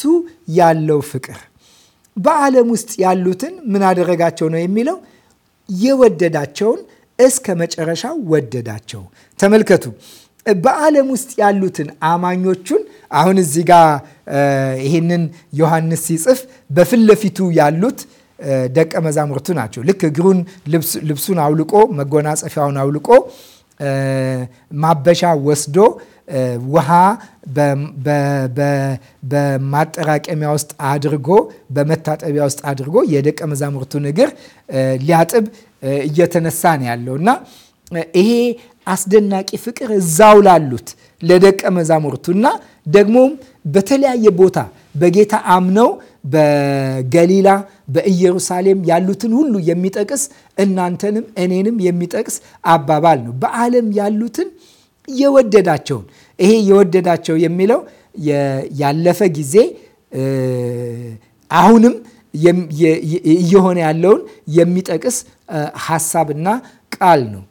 S1: ያለው ፍቅር በዓለም ውስጥ ያሉትን ምን አደረጋቸው ነው የሚለው የወደዳቸውን እስከ መጨረሻው ወደዳቸው። ተመልከቱ በዓለም ውስጥ ያሉትን አማኞቹን አሁን እዚህ ጋር ይህንን ዮሐንስ ሲጽፍ በፊት ለፊቱ ያሉት ደቀ መዛሙርቱ ናቸው። ልክ እግሩን ልብሱን አውልቆ መጎናጸፊያውን አውልቆ ማበሻ ወስዶ ውሃ በማጠራቀሚያ ውስጥ አድርጎ በመታጠቢያ ውስጥ አድርጎ የደቀ መዛሙርቱን እግር ሊያጥብ እየተነሳ ነው ያለው እና ይሄ አስደናቂ ፍቅር እዛው ላሉት ለደቀ እና ደግሞም በተለያየ ቦታ በጌታ አምነው በገሊላ በኢየሩሳሌም ያሉትን ሁሉ የሚጠቅስ እናንተንም እኔንም የሚጠቅስ አባባል ነው። በዓለም ያሉትን የወደዳቸውን ይሄ የወደዳቸው የሚለው ያለፈ ጊዜ አሁንም እየሆነ ያለውን የሚጠቅስ ሀሳብና ቃል ነው።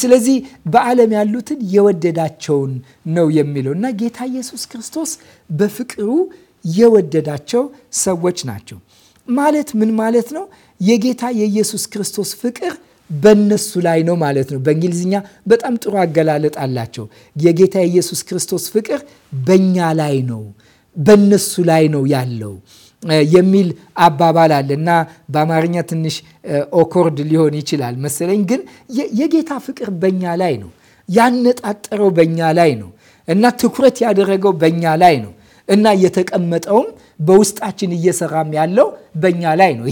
S1: ስለዚህ በዓለም ያሉትን የወደዳቸውን ነው የሚለው እና ጌታ ኢየሱስ ክርስቶስ በፍቅሩ የወደዳቸው ሰዎች ናቸው። ማለት ምን ማለት ነው? የጌታ የኢየሱስ ክርስቶስ ፍቅር በእነሱ ላይ ነው ማለት ነው። በእንግሊዝኛ በጣም ጥሩ አገላለጥ አላቸው። የጌታ የኢየሱስ ክርስቶስ ፍቅር በእኛ ላይ ነው፣ በእነሱ ላይ ነው ያለው የሚል አባባል አለ እና በአማርኛ ትንሽ ኦኮርድ ሊሆን ይችላል መሰለኝ። ግን የጌታ ፍቅር በእኛ ላይ ነው፣ ያነጣጠረው በእኛ ላይ ነው እና ትኩረት ያደረገው በእኛ ላይ ነው እና የተቀመጠውም በውስጣችን እየሰራም ያለው በእኛ ላይ ነው።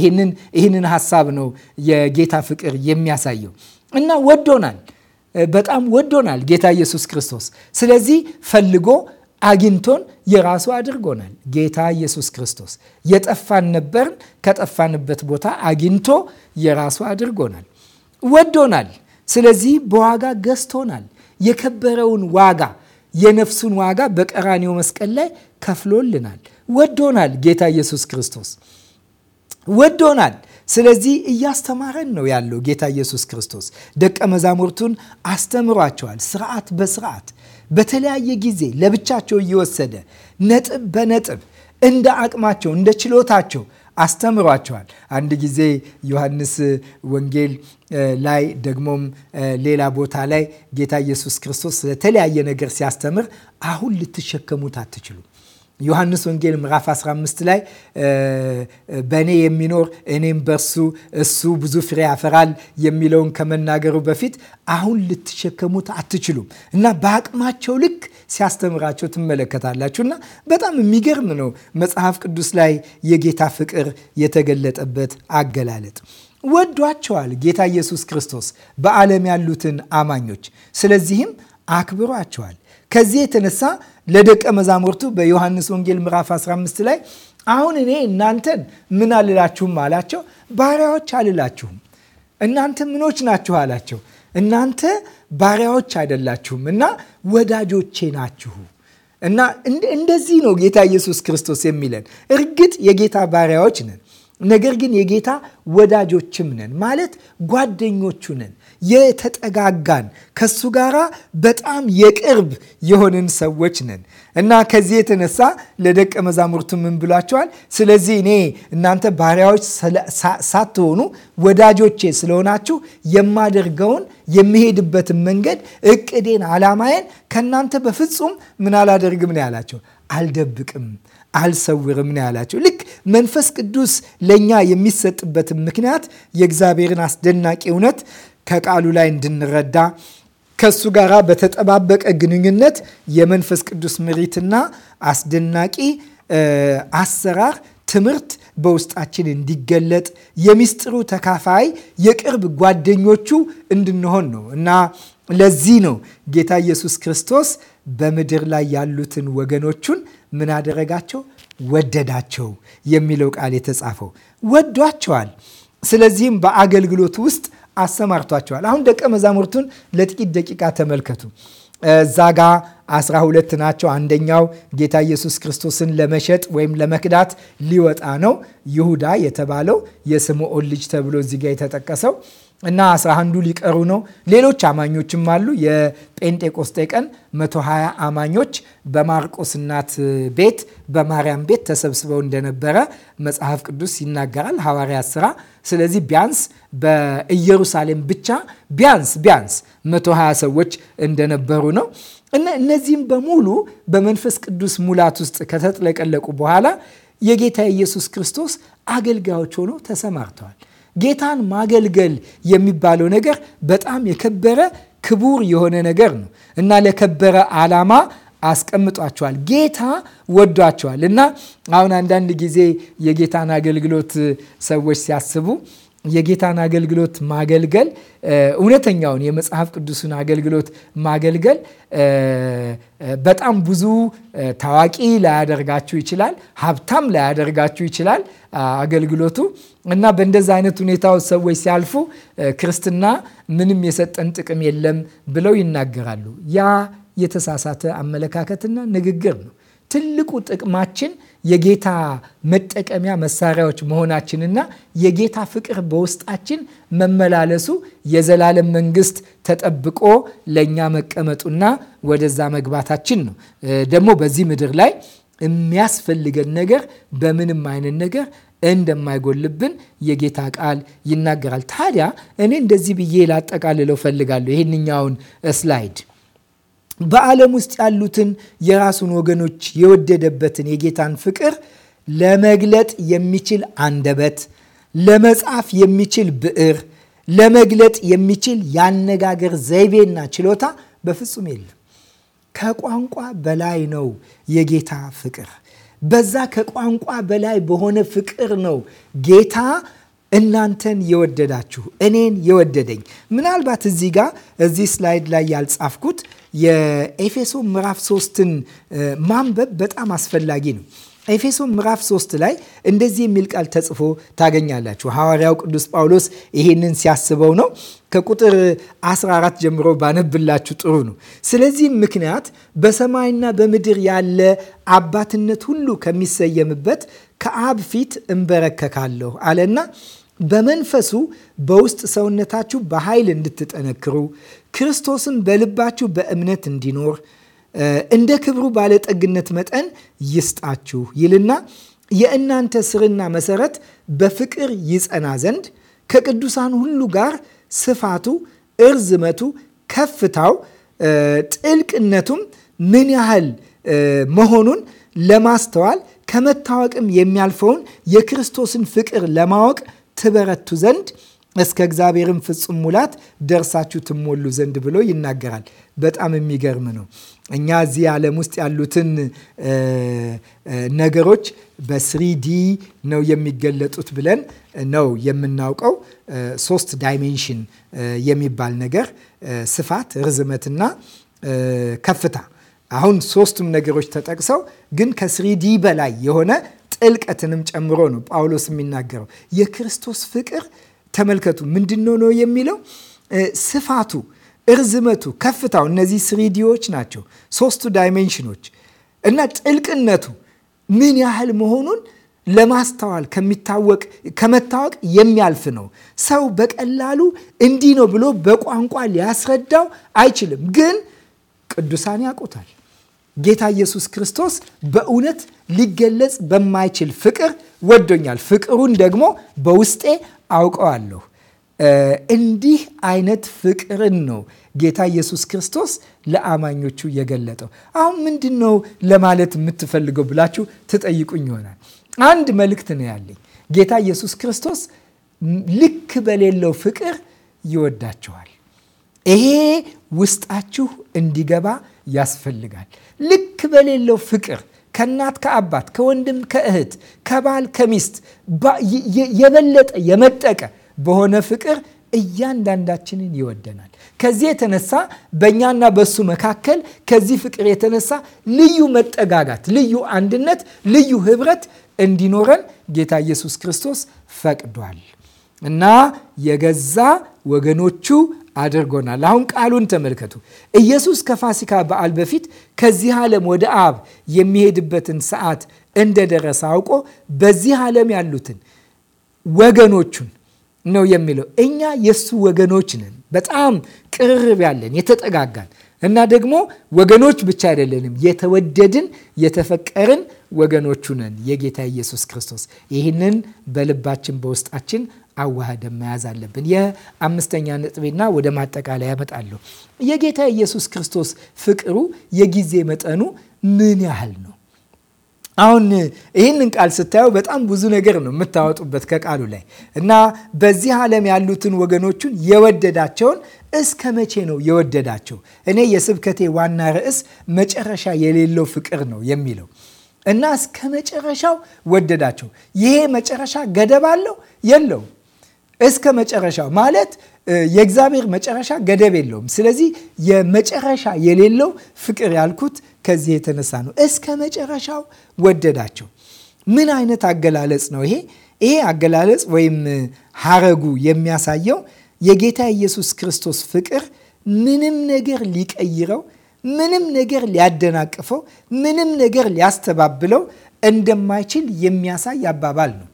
S1: ይህንን ሀሳብ ነው የጌታ ፍቅር የሚያሳየው እና ወዶናል፣ በጣም ወዶናል ጌታ ኢየሱስ ክርስቶስ። ስለዚህ ፈልጎ አግኝቶን የራሱ አድርጎናል። ጌታ ኢየሱስ ክርስቶስ የጠፋን ነበርን፣ ከጠፋንበት ቦታ አግኝቶ የራሱ አድርጎናል። ወዶናል፣ ስለዚህ በዋጋ ገዝቶናል። የከበረውን ዋጋ የነፍሱን ዋጋ በቀራኒው መስቀል ላይ ከፍሎልናል። ወዶናል። ጌታ ኢየሱስ ክርስቶስ ወዶናል። ስለዚህ እያስተማረን ነው ያለው ጌታ ኢየሱስ ክርስቶስ። ደቀ መዛሙርቱን አስተምሯቸዋል። ስርዓት በስርዓት በተለያየ ጊዜ ለብቻቸው እየወሰደ ነጥብ በነጥብ እንደ አቅማቸው እንደ ችሎታቸው አስተምሯቸዋል። አንድ ጊዜ ዮሐንስ ወንጌል ላይ ደግሞም ሌላ ቦታ ላይ ጌታ ኢየሱስ ክርስቶስ ስለተለያየ ነገር ሲያስተምር አሁን ልትሸከሙት አትችሉም ዮሐንስ ወንጌል ምዕራፍ 15 ላይ በእኔ የሚኖር እኔም በእርሱ እሱ ብዙ ፍሬ ያፈራል የሚለውን ከመናገሩ በፊት አሁን ልትሸከሙት አትችሉም እና በአቅማቸው ልክ ሲያስተምራቸው ትመለከታላችሁ እና በጣም የሚገርም ነው መጽሐፍ ቅዱስ ላይ የጌታ ፍቅር የተገለጠበት አገላለጥ ወዷቸዋል ጌታ ኢየሱስ ክርስቶስ በዓለም ያሉትን አማኞች ስለዚህም አክብሯቸዋል ከዚህ የተነሳ ለደቀ መዛሙርቱ በዮሐንስ ወንጌል ምዕራፍ 15 ላይ አሁን እኔ እናንተን ምን አልላችሁም አላቸው፣ ባሪያዎች አልላችሁም። እናንተ ምኖች ናችሁ አላቸው። እናንተ ባሪያዎች አይደላችሁም እና ወዳጆቼ ናችሁ። እና እንደዚህ ነው ጌታ ኢየሱስ ክርስቶስ የሚለን። እርግጥ የጌታ ባሪያዎች ነን፣ ነገር ግን የጌታ ወዳጆችም ነን ማለት ጓደኞቹ ነን የተጠጋጋን ከሱ ጋራ በጣም የቅርብ የሆንን ሰዎች ነን እና ከዚህ የተነሳ ለደቀ መዛሙርቱ ምን ብሏቸዋል? ስለዚህ እኔ እናንተ ባሪያዎች ሳትሆኑ ወዳጆቼ ስለሆናችሁ የማደርገውን የሚሄድበትን መንገድ እቅዴን፣ አላማዬን ከእናንተ በፍጹም ምን አላደርግም ነው ያላቸው። አልደብቅም አልሰውርም ነው ያላቸው። ልክ መንፈስ ቅዱስ ለእኛ የሚሰጥበትን ምክንያት የእግዚአብሔርን አስደናቂ እውነት ከቃሉ ላይ እንድንረዳ ከእሱ ጋር በተጠባበቀ ግንኙነት የመንፈስ ቅዱስ ምሪትና አስደናቂ አሰራር ትምህርት በውስጣችን እንዲገለጥ የሚስጥሩ ተካፋይ የቅርብ ጓደኞቹ እንድንሆን ነው እና ለዚህ ነው ጌታ ኢየሱስ ክርስቶስ በምድር ላይ ያሉትን ወገኖቹን ምን አደረጋቸው? ወደዳቸው የሚለው ቃል የተጻፈው ወዷቸዋል። ስለዚህም በአገልግሎት ውስጥ አሰማርቷቸዋል። አሁን ደቀ መዛሙርቱን ለጥቂት ደቂቃ ተመልከቱ። እዛ ጋ አስራ ሁለት ናቸው። አንደኛው ጌታ ኢየሱስ ክርስቶስን ለመሸጥ ወይም ለመክዳት ሊወጣ ነው። ይሁዳ የተባለው የስምዖን ልጅ ተብሎ እዚጋ የተጠቀሰው እና አስራ አንዱ ሊቀሩ ነው። ሌሎች አማኞችም አሉ። የጴንጤቆስጤ ቀን 120 አማኞች በማርቆስ እናት ቤት በማርያም ቤት ተሰብስበው እንደነበረ መጽሐፍ ቅዱስ ይናገራል፣ ሐዋርያት ስራ ስለዚህ ቢያንስ በኢየሩሳሌም ብቻ ቢያንስ ቢያንስ 120 ሰዎች እንደነበሩ ነው። እና እነዚህም በሙሉ በመንፈስ ቅዱስ ሙላት ውስጥ ከተጥለቀለቁ በኋላ የጌታ ኢየሱስ ክርስቶስ አገልጋዮች ሆነው ተሰማርተዋል። ጌታን ማገልገል የሚባለው ነገር በጣም የከበረ ክቡር የሆነ ነገር ነው እና ለከበረ ዓላማ አስቀምጧቸዋል። ጌታ ወዷቸዋል እና አሁን አንዳንድ ጊዜ የጌታን አገልግሎት ሰዎች ሲያስቡ የጌታን አገልግሎት ማገልገል እውነተኛውን የመጽሐፍ ቅዱስን አገልግሎት ማገልገል በጣም ብዙ ታዋቂ ላያደርጋችሁ ይችላል፣ ሀብታም ላያደርጋችሁ ይችላል አገልግሎቱ እና በእንደዚ አይነት ሁኔታዎች ሰዎች ሲያልፉ ክርስትና ምንም የሰጠን ጥቅም የለም ብለው ይናገራሉ። ያ የተሳሳተ አመለካከትና ንግግር ነው። ትልቁ ጥቅማችን የጌታ መጠቀሚያ መሳሪያዎች መሆናችንና የጌታ ፍቅር በውስጣችን መመላለሱ የዘላለም መንግስት ተጠብቆ ለእኛ መቀመጡና ወደዛ መግባታችን ነው። ደግሞ በዚህ ምድር ላይ የሚያስፈልገን ነገር በምንም አይነት ነገር እንደማይጎልብን የጌታ ቃል ይናገራል። ታዲያ እኔ እንደዚህ ብዬ ላጠቃልለው ፈልጋለሁ ይህንኛውን ስላይድ በዓለም ውስጥ ያሉትን የራሱን ወገኖች የወደደበትን የጌታን ፍቅር ለመግለጥ የሚችል አንደበት፣ ለመጻፍ የሚችል ብዕር፣ ለመግለጥ የሚችል ያነጋገር ዘይቤና ችሎታ በፍጹም የለም። ከቋንቋ በላይ ነው የጌታ ፍቅር። በዛ ከቋንቋ በላይ በሆነ ፍቅር ነው ጌታ እናንተን የወደዳችሁ እኔን የወደደኝ። ምናልባት እዚህ ጋር እዚህ ስላይድ ላይ ያልጻፍኩት የኤፌሶ ምዕራፍ ሶስትን ማንበብ በጣም አስፈላጊ ነው። ኤፌሶ ምዕራፍ 3 ላይ እንደዚህ የሚል ቃል ተጽፎ ታገኛላችሁ። ሐዋርያው ቅዱስ ጳውሎስ ይሄንን ሲያስበው ነው። ከቁጥር 14 ጀምሮ ባነብላችሁ ጥሩ ነው። ስለዚህም ምክንያት በሰማይና በምድር ያለ አባትነት ሁሉ ከሚሰየምበት ከአብ ፊት እንበረከካለሁ አለና በመንፈሱ በውስጥ ሰውነታችሁ በኃይል እንድትጠነክሩ ክርስቶስን በልባችሁ በእምነት እንዲኖር እንደ ክብሩ ባለጠግነት መጠን ይስጣችሁ ይልና የእናንተ ስርና መሰረት በፍቅር ይጸና ዘንድ ከቅዱሳን ሁሉ ጋር ስፋቱ፣ እርዝመቱ፣ ከፍታው፣ ጥልቅነቱም ምን ያህል መሆኑን ለማስተዋል ከመታወቅም የሚያልፈውን የክርስቶስን ፍቅር ለማወቅ ትበረቱ ዘንድ እስከ እግዚአብሔርም ፍጹም ሙላት ደርሳችሁ ትሞሉ ዘንድ ብሎ ይናገራል። በጣም የሚገርም ነው። እኛ እዚህ ዓለም ውስጥ ያሉትን ነገሮች በስሪዲ ነው የሚገለጡት ብለን ነው የምናውቀው። ሶስት ዳይሜንሽን የሚባል ነገር ስፋት፣ ርዝመትና ከፍታ አሁን ሶስቱም ነገሮች ተጠቅሰው ግን ከስሪዲ በላይ የሆነ ጥልቀትንም ጨምሮ ነው ጳውሎስ የሚናገረው። የክርስቶስ ፍቅር ተመልከቱ፣ ምንድን ነው የሚለው ስፋቱ፣ እርዝመቱ፣ ከፍታው እነዚህ ስሪዲዎች ናቸው ሶስቱ ዳይሜንሽኖች እና ጥልቅነቱ ምን ያህል መሆኑን ለማስተዋል ከሚታወቅ ከመታወቅ የሚያልፍ ነው። ሰው በቀላሉ እንዲህ ነው ብሎ በቋንቋ ሊያስረዳው አይችልም፣ ግን ቅዱሳን ያውቁታል። ጌታ ኢየሱስ ክርስቶስ በእውነት ሊገለጽ በማይችል ፍቅር ወዶኛል። ፍቅሩን ደግሞ በውስጤ አውቀዋለሁ። እንዲህ አይነት ፍቅርን ነው ጌታ ኢየሱስ ክርስቶስ ለአማኞቹ የገለጠው። አሁን ምንድን ነው ለማለት የምትፈልገው ብላችሁ ትጠይቁኝ ይሆናል። አንድ መልእክት ነው ያለኝ። ጌታ ኢየሱስ ክርስቶስ ልክ በሌለው ፍቅር ይወዳችኋል። ይሄ ውስጣችሁ እንዲገባ ያስፈልጋል። ልክ በሌለው ፍቅር ከእናት ከአባት፣ ከወንድም ከእህት፣ ከባል ከሚስት የበለጠ የመጠቀ በሆነ ፍቅር እያንዳንዳችንን ይወደናል። ከዚህ የተነሳ በእኛና በሱ መካከል ከዚህ ፍቅር የተነሳ ልዩ መጠጋጋት፣ ልዩ አንድነት፣ ልዩ ህብረት እንዲኖረን ጌታ ኢየሱስ ክርስቶስ ፈቅዷል እና የገዛ ወገኖቹ አድርጎናል። አሁን ቃሉን ተመልከቱ። ኢየሱስ ከፋሲካ በዓል በፊት ከዚህ ዓለም ወደ አብ የሚሄድበትን ሰዓት እንደደረሰ አውቆ በዚህ ዓለም ያሉትን ወገኖቹን ነው የሚለው። እኛ የእሱ ወገኖች ነን። በጣም ቅርብ ያለን የተጠጋጋን እና ደግሞ ወገኖች ብቻ አይደለንም፣ የተወደድን የተፈቀርን ወገኖቹ ነን። የጌታ ኢየሱስ ክርስቶስ ይህንን በልባችን በውስጣችን አዋህደን መያዝ አለብን። የአምስተኛ ነጥቤና ወደ ማጠቃለያ ያመጣለሁ። የጌታ ኢየሱስ ክርስቶስ ፍቅሩ የጊዜ መጠኑ ምን ያህል ነው? አሁን ይህንን ቃል ስታየው በጣም ብዙ ነገር ነው የምታወጡበት ከቃሉ ላይ እና በዚህ ዓለም ያሉትን ወገኖቹን የወደዳቸውን እስከ መቼ ነው የወደዳቸው? እኔ የስብከቴ ዋና ርዕስ መጨረሻ የሌለው ፍቅር ነው የሚለው እና እስከ መጨረሻው ወደዳቸው። ይሄ መጨረሻ ገደብ አለው የለውም? እስከ መጨረሻው ማለት የእግዚአብሔር መጨረሻ ገደብ የለውም። ስለዚህ የመጨረሻ የሌለው ፍቅር ያልኩት ከዚህ የተነሳ ነው። እስከ መጨረሻው ወደዳቸው። ምን አይነት አገላለጽ ነው ይሄ? ይሄ አገላለጽ ወይም ሀረጉ የሚያሳየው የጌታ ኢየሱስ ክርስቶስ ፍቅር ምንም ነገር ሊቀይረው፣ ምንም ነገር ሊያደናቅፈው፣ ምንም ነገር ሊያስተባብለው እንደማይችል የሚያሳይ አባባል ነው።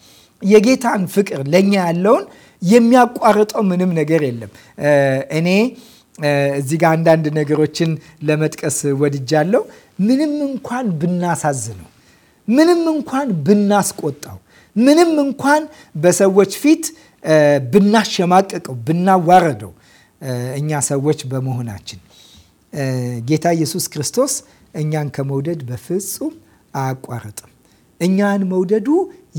S1: የጌታን ፍቅር ለእኛ ያለውን የሚያቋርጠው ምንም ነገር የለም። እኔ እዚህ ጋር አንዳንድ ነገሮችን ለመጥቀስ ወድጃለሁ። ምንም እንኳን ብናሳዝነው፣ ምንም እንኳን ብናስቆጣው፣ ምንም እንኳን በሰዎች ፊት ብናሸማቀቀው፣ ብናዋረደው እኛ ሰዎች በመሆናችን ጌታ ኢየሱስ ክርስቶስ እኛን ከመውደድ በፍጹም አያቋርጥም። እኛን መውደዱ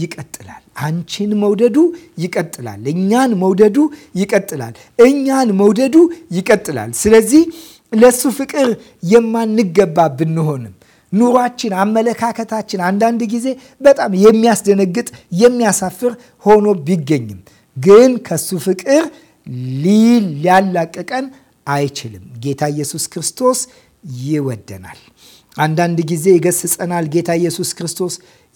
S1: ይቀጥላል። አንቺን መውደዱ ይቀጥላል። እኛን መውደዱ ይቀጥላል። እኛን መውደዱ ይቀጥላል። ስለዚህ ለሱ ፍቅር የማንገባ ብንሆንም ኑሯችን፣ አመለካከታችን አንዳንድ ጊዜ በጣም የሚያስደነግጥ የሚያሳፍር ሆኖ ቢገኝም ግን ከሱ ፍቅር ሊል ሊያላቅቀን አይችልም። ጌታ ኢየሱስ ክርስቶስ ይወደናል። አንዳንድ ጊዜ ይገስጸናል። ጌታ ኢየሱስ ክርስቶስ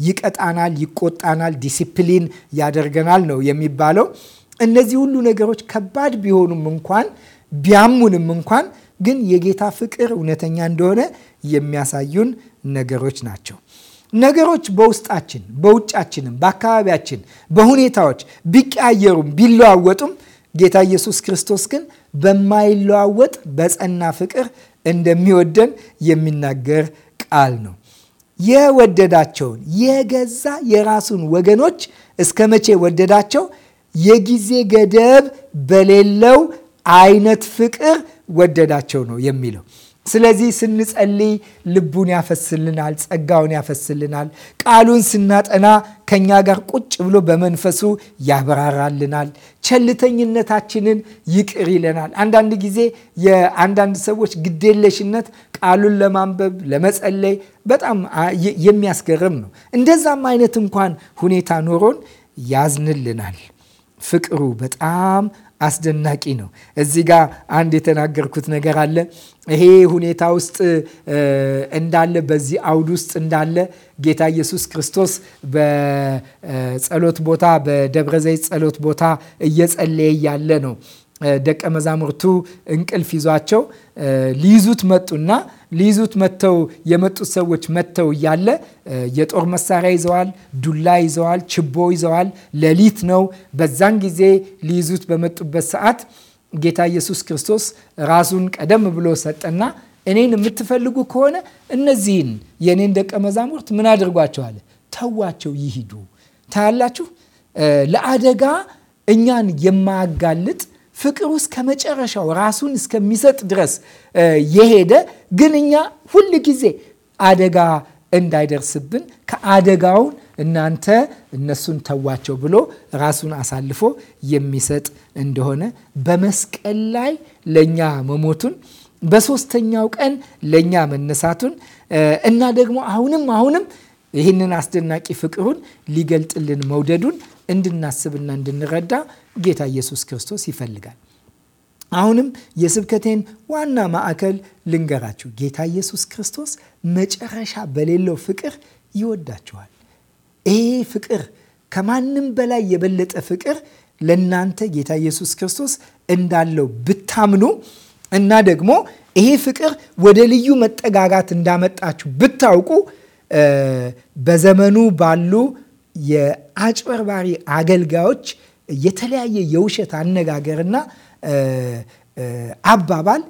S1: ይቀጣናል፣ ይቆጣናል፣ ዲሲፕሊን ያደርገናል ነው የሚባለው። እነዚህ ሁሉ ነገሮች ከባድ ቢሆኑም እንኳን ቢያሙንም እንኳን ግን የጌታ ፍቅር እውነተኛ እንደሆነ የሚያሳዩን ነገሮች ናቸው። ነገሮች በውስጣችን በውጫችንም በአካባቢያችን በሁኔታዎች ቢቀያየሩም ቢለዋወጡም ጌታ ኢየሱስ ክርስቶስ ግን በማይለዋወጥ በጸና ፍቅር እንደሚወደን የሚናገር ቃል ነው። የወደዳቸውን የገዛ የራሱን ወገኖች እስከ መቼ ወደዳቸው? የጊዜ ገደብ በሌለው አይነት ፍቅር ወደዳቸው ነው የሚለው ስለዚህ ስንጸልይ ልቡን ያፈስልናል፣ ጸጋውን ያፈስልናል። ቃሉን ስናጠና ከኛ ጋር ቁጭ ብሎ በመንፈሱ ያብራራልናል። ቸልተኝነታችንን ይቅር ይለናል። አንዳንድ ጊዜ የአንዳንድ ሰዎች ግዴለሽነት ቃሉን ለማንበብ ለመጸለይ በጣም የሚያስገርም ነው። እንደዛም አይነት እንኳን ሁኔታ ኖሮን ያዝንልናል። ፍቅሩ በጣም አስደናቂ ነው። እዚህ ጋር አንድ የተናገርኩት ነገር አለ። ይሄ ሁኔታ ውስጥ እንዳለ በዚህ አውድ ውስጥ እንዳለ ጌታ ኢየሱስ ክርስቶስ በጸሎት ቦታ በደብረ ዘይት ጸሎት ቦታ እየጸለየ ያለ ነው ደቀ መዛሙርቱ እንቅልፍ ይዟቸው ሊይዙት መጡና ሊይዙት መጥተው የመጡት ሰዎች መጥተው እያለ የጦር መሳሪያ ይዘዋል፣ ዱላ ይዘዋል፣ ችቦ ይዘዋል። ሌሊት ነው። በዛን ጊዜ ሊይዙት በመጡበት ሰዓት ጌታ ኢየሱስ ክርስቶስ ራሱን ቀደም ብሎ ሰጠና እኔን የምትፈልጉ ከሆነ እነዚህን የእኔን ደቀ መዛሙርት ምን አለ? ተዋቸው ይሂዱ። ታያላችሁ ለአደጋ እኛን የማያጋልጥ ፍቅሩ ውስጥ ከመጨረሻው ራሱን እስከሚሰጥ ድረስ የሄደ ግን እኛ ሁል ጊዜ አደጋ እንዳይደርስብን ከአደጋውን እናንተ እነሱን ተዋቸው ብሎ ራሱን አሳልፎ የሚሰጥ እንደሆነ በመስቀል ላይ ለእኛ መሞቱን በሶስተኛው ቀን ለእኛ መነሳቱን እና ደግሞ አሁንም አሁንም ይህንን አስደናቂ ፍቅሩን ሊገልጥልን መውደዱን እንድናስብና እንድንረዳ ጌታ ኢየሱስ ክርስቶስ ይፈልጋል። አሁንም የስብከቴን ዋና ማዕከል ልንገራችሁ። ጌታ ኢየሱስ ክርስቶስ መጨረሻ በሌለው ፍቅር ይወዳችኋል። ይሄ ፍቅር ከማንም በላይ የበለጠ ፍቅር ለእናንተ ጌታ ኢየሱስ ክርስቶስ እንዳለው ብታምኑ እና ደግሞ ይሄ ፍቅር ወደ ልዩ መጠጋጋት እንዳመጣችሁ ብታውቁ በዘመኑ ባሉ የአጭበርባሪ አገልጋዮች የተለያየ የውሸት አነጋገርና አባባል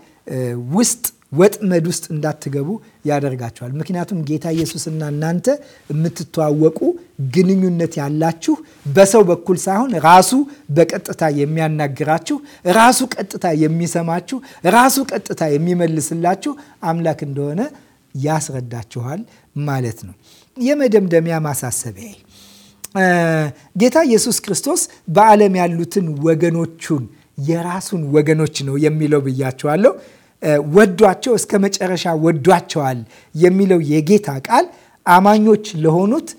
S1: ውስጥ ወጥመድ ውስጥ እንዳትገቡ ያደርጋቸዋል። ምክንያቱም ጌታ ኢየሱስና እናንተ የምትተዋወቁ ግንኙነት ያላችሁ በሰው በኩል ሳይሆን ራሱ በቀጥታ የሚያናግራችሁ፣ ራሱ ቀጥታ የሚሰማችሁ፣ ራሱ ቀጥታ የሚመልስላችሁ አምላክ እንደሆነ ያስረዳችኋል ማለት ነው። የመደምደሚያ ማሳሰቢያ ጌታ ኢየሱስ ክርስቶስ በዓለም ያሉትን ወገኖቹን የራሱን ወገኖች ነው የሚለው ብያቸዋለሁ። ወዷቸው እስከ መጨረሻ ወዷቸዋል የሚለው የጌታ ቃል አማኞች ለሆኑት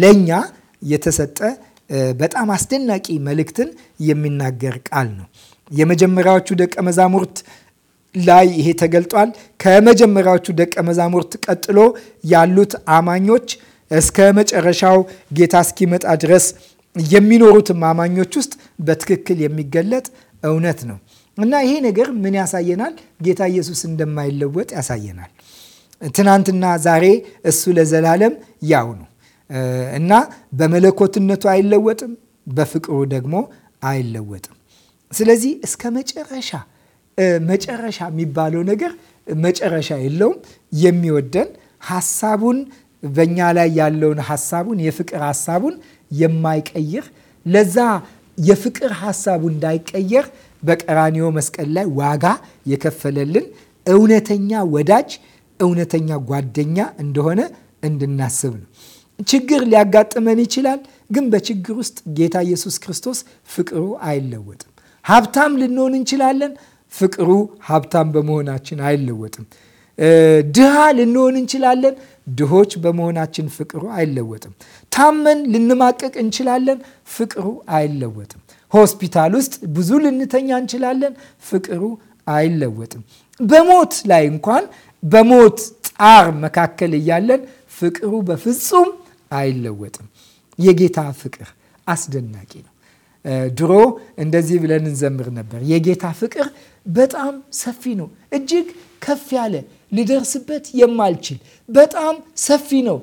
S1: ለእኛ የተሰጠ በጣም አስደናቂ መልእክትን የሚናገር ቃል ነው። የመጀመሪያዎቹ ደቀ መዛሙርት ላይ ይሄ ተገልጧል። ከመጀመሪያዎቹ ደቀ መዛሙርት ቀጥሎ ያሉት አማኞች እስከ መጨረሻው ጌታ እስኪመጣ ድረስ የሚኖሩትም አማኞች ውስጥ በትክክል የሚገለጥ እውነት ነው እና ይሄ ነገር ምን ያሳየናል? ጌታ ኢየሱስ እንደማይለወጥ ያሳየናል። ትናንትና ዛሬ እሱ ለዘላለም ያው ነው እና በመለኮትነቱ አይለወጥም፣ በፍቅሩ ደግሞ አይለወጥም። ስለዚህ እስከ መጨረሻ መጨረሻ የሚባለው ነገር መጨረሻ የለውም። የሚወደን ሀሳቡን በእኛ ላይ ያለውን ሀሳቡን የፍቅር ሀሳቡን የማይቀይር ለዛ የፍቅር ሀሳቡ እንዳይቀየር በቀራኒዮ መስቀል ላይ ዋጋ የከፈለልን እውነተኛ ወዳጅ እውነተኛ ጓደኛ እንደሆነ እንድናስብ ነው። ችግር ሊያጋጥመን ይችላል፣ ግን በችግር ውስጥ ጌታ ኢየሱስ ክርስቶስ ፍቅሩ አይለወጥም። ሀብታም ልንሆን እንችላለን፣ ፍቅሩ ሀብታም በመሆናችን አይለወጥም። ድሃ ልንሆን እንችላለን። ድሆች በመሆናችን ፍቅሩ አይለወጥም። ታመን ልንማቀቅ እንችላለን። ፍቅሩ አይለወጥም። ሆስፒታል ውስጥ ብዙ ልንተኛ እንችላለን። ፍቅሩ አይለወጥም። በሞት ላይ እንኳን በሞት ጣር መካከል እያለን ፍቅሩ በፍጹም አይለወጥም። የጌታ ፍቅር አስደናቂ ነው። ድሮ እንደዚህ ብለን እንዘምር ነበር። የጌታ ፍቅር በጣም ሰፊ ነው፣ እጅግ ከፍ ያለ ልደርስበት የማልችል በጣም ሰፊ ነው፣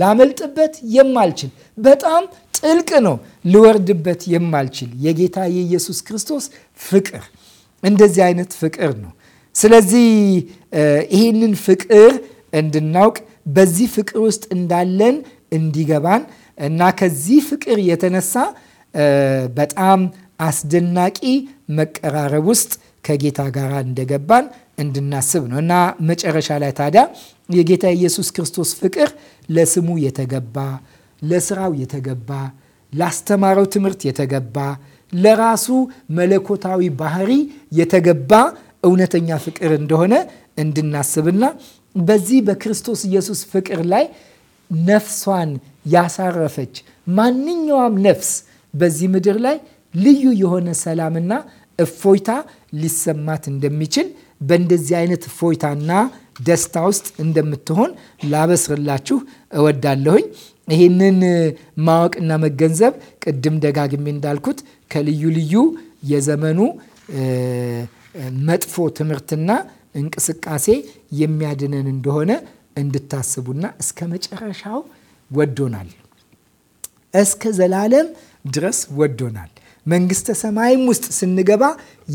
S1: ላመልጥበት የማልችል በጣም ጥልቅ ነው፣ ልወርድበት የማልችል የጌታ የኢየሱስ ክርስቶስ ፍቅር እንደዚህ አይነት ፍቅር ነው። ስለዚህ ይህንን ፍቅር እንድናውቅ በዚህ ፍቅር ውስጥ እንዳለን እንዲገባን እና ከዚህ ፍቅር የተነሳ በጣም አስደናቂ መቀራረብ ውስጥ ከጌታ ጋር እንደገባን እንድናስብ ነው እና መጨረሻ ላይ ታዲያ የጌታ ኢየሱስ ክርስቶስ ፍቅር ለስሙ የተገባ ለስራው የተገባ ላስተማረው ትምህርት የተገባ ለራሱ መለኮታዊ ባህሪ የተገባ እውነተኛ ፍቅር እንደሆነ እንድናስብና በዚህ በክርስቶስ ኢየሱስ ፍቅር ላይ ነፍሷን ያሳረፈች ማንኛውም ነፍስ በዚህ ምድር ላይ ልዩ የሆነ ሰላምና እፎይታ ሊሰማት እንደሚችል በእንደዚህ አይነት እፎይታና ደስታ ውስጥ እንደምትሆን ላበስርላችሁ እወዳለሁኝ። ይህንን ማወቅና መገንዘብ ቅድም ደጋግሜ እንዳልኩት ከልዩ ልዩ የዘመኑ መጥፎ ትምህርትና እንቅስቃሴ የሚያድነን እንደሆነ እንድታስቡና እስከ መጨረሻው ወዶናል፣ እስከ ዘላለም ድረስ ወዶናል። መንግስተ ሰማይም ውስጥ ስንገባ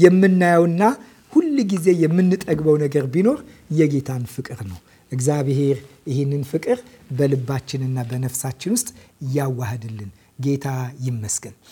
S1: የምናየውና ሁል ጊዜ የምንጠግበው ነገር ቢኖር የጌታን ፍቅር ነው። እግዚአብሔር ይህንን ፍቅር በልባችንና በነፍሳችን ውስጥ ያዋህድልን። ጌታ ይመስገን።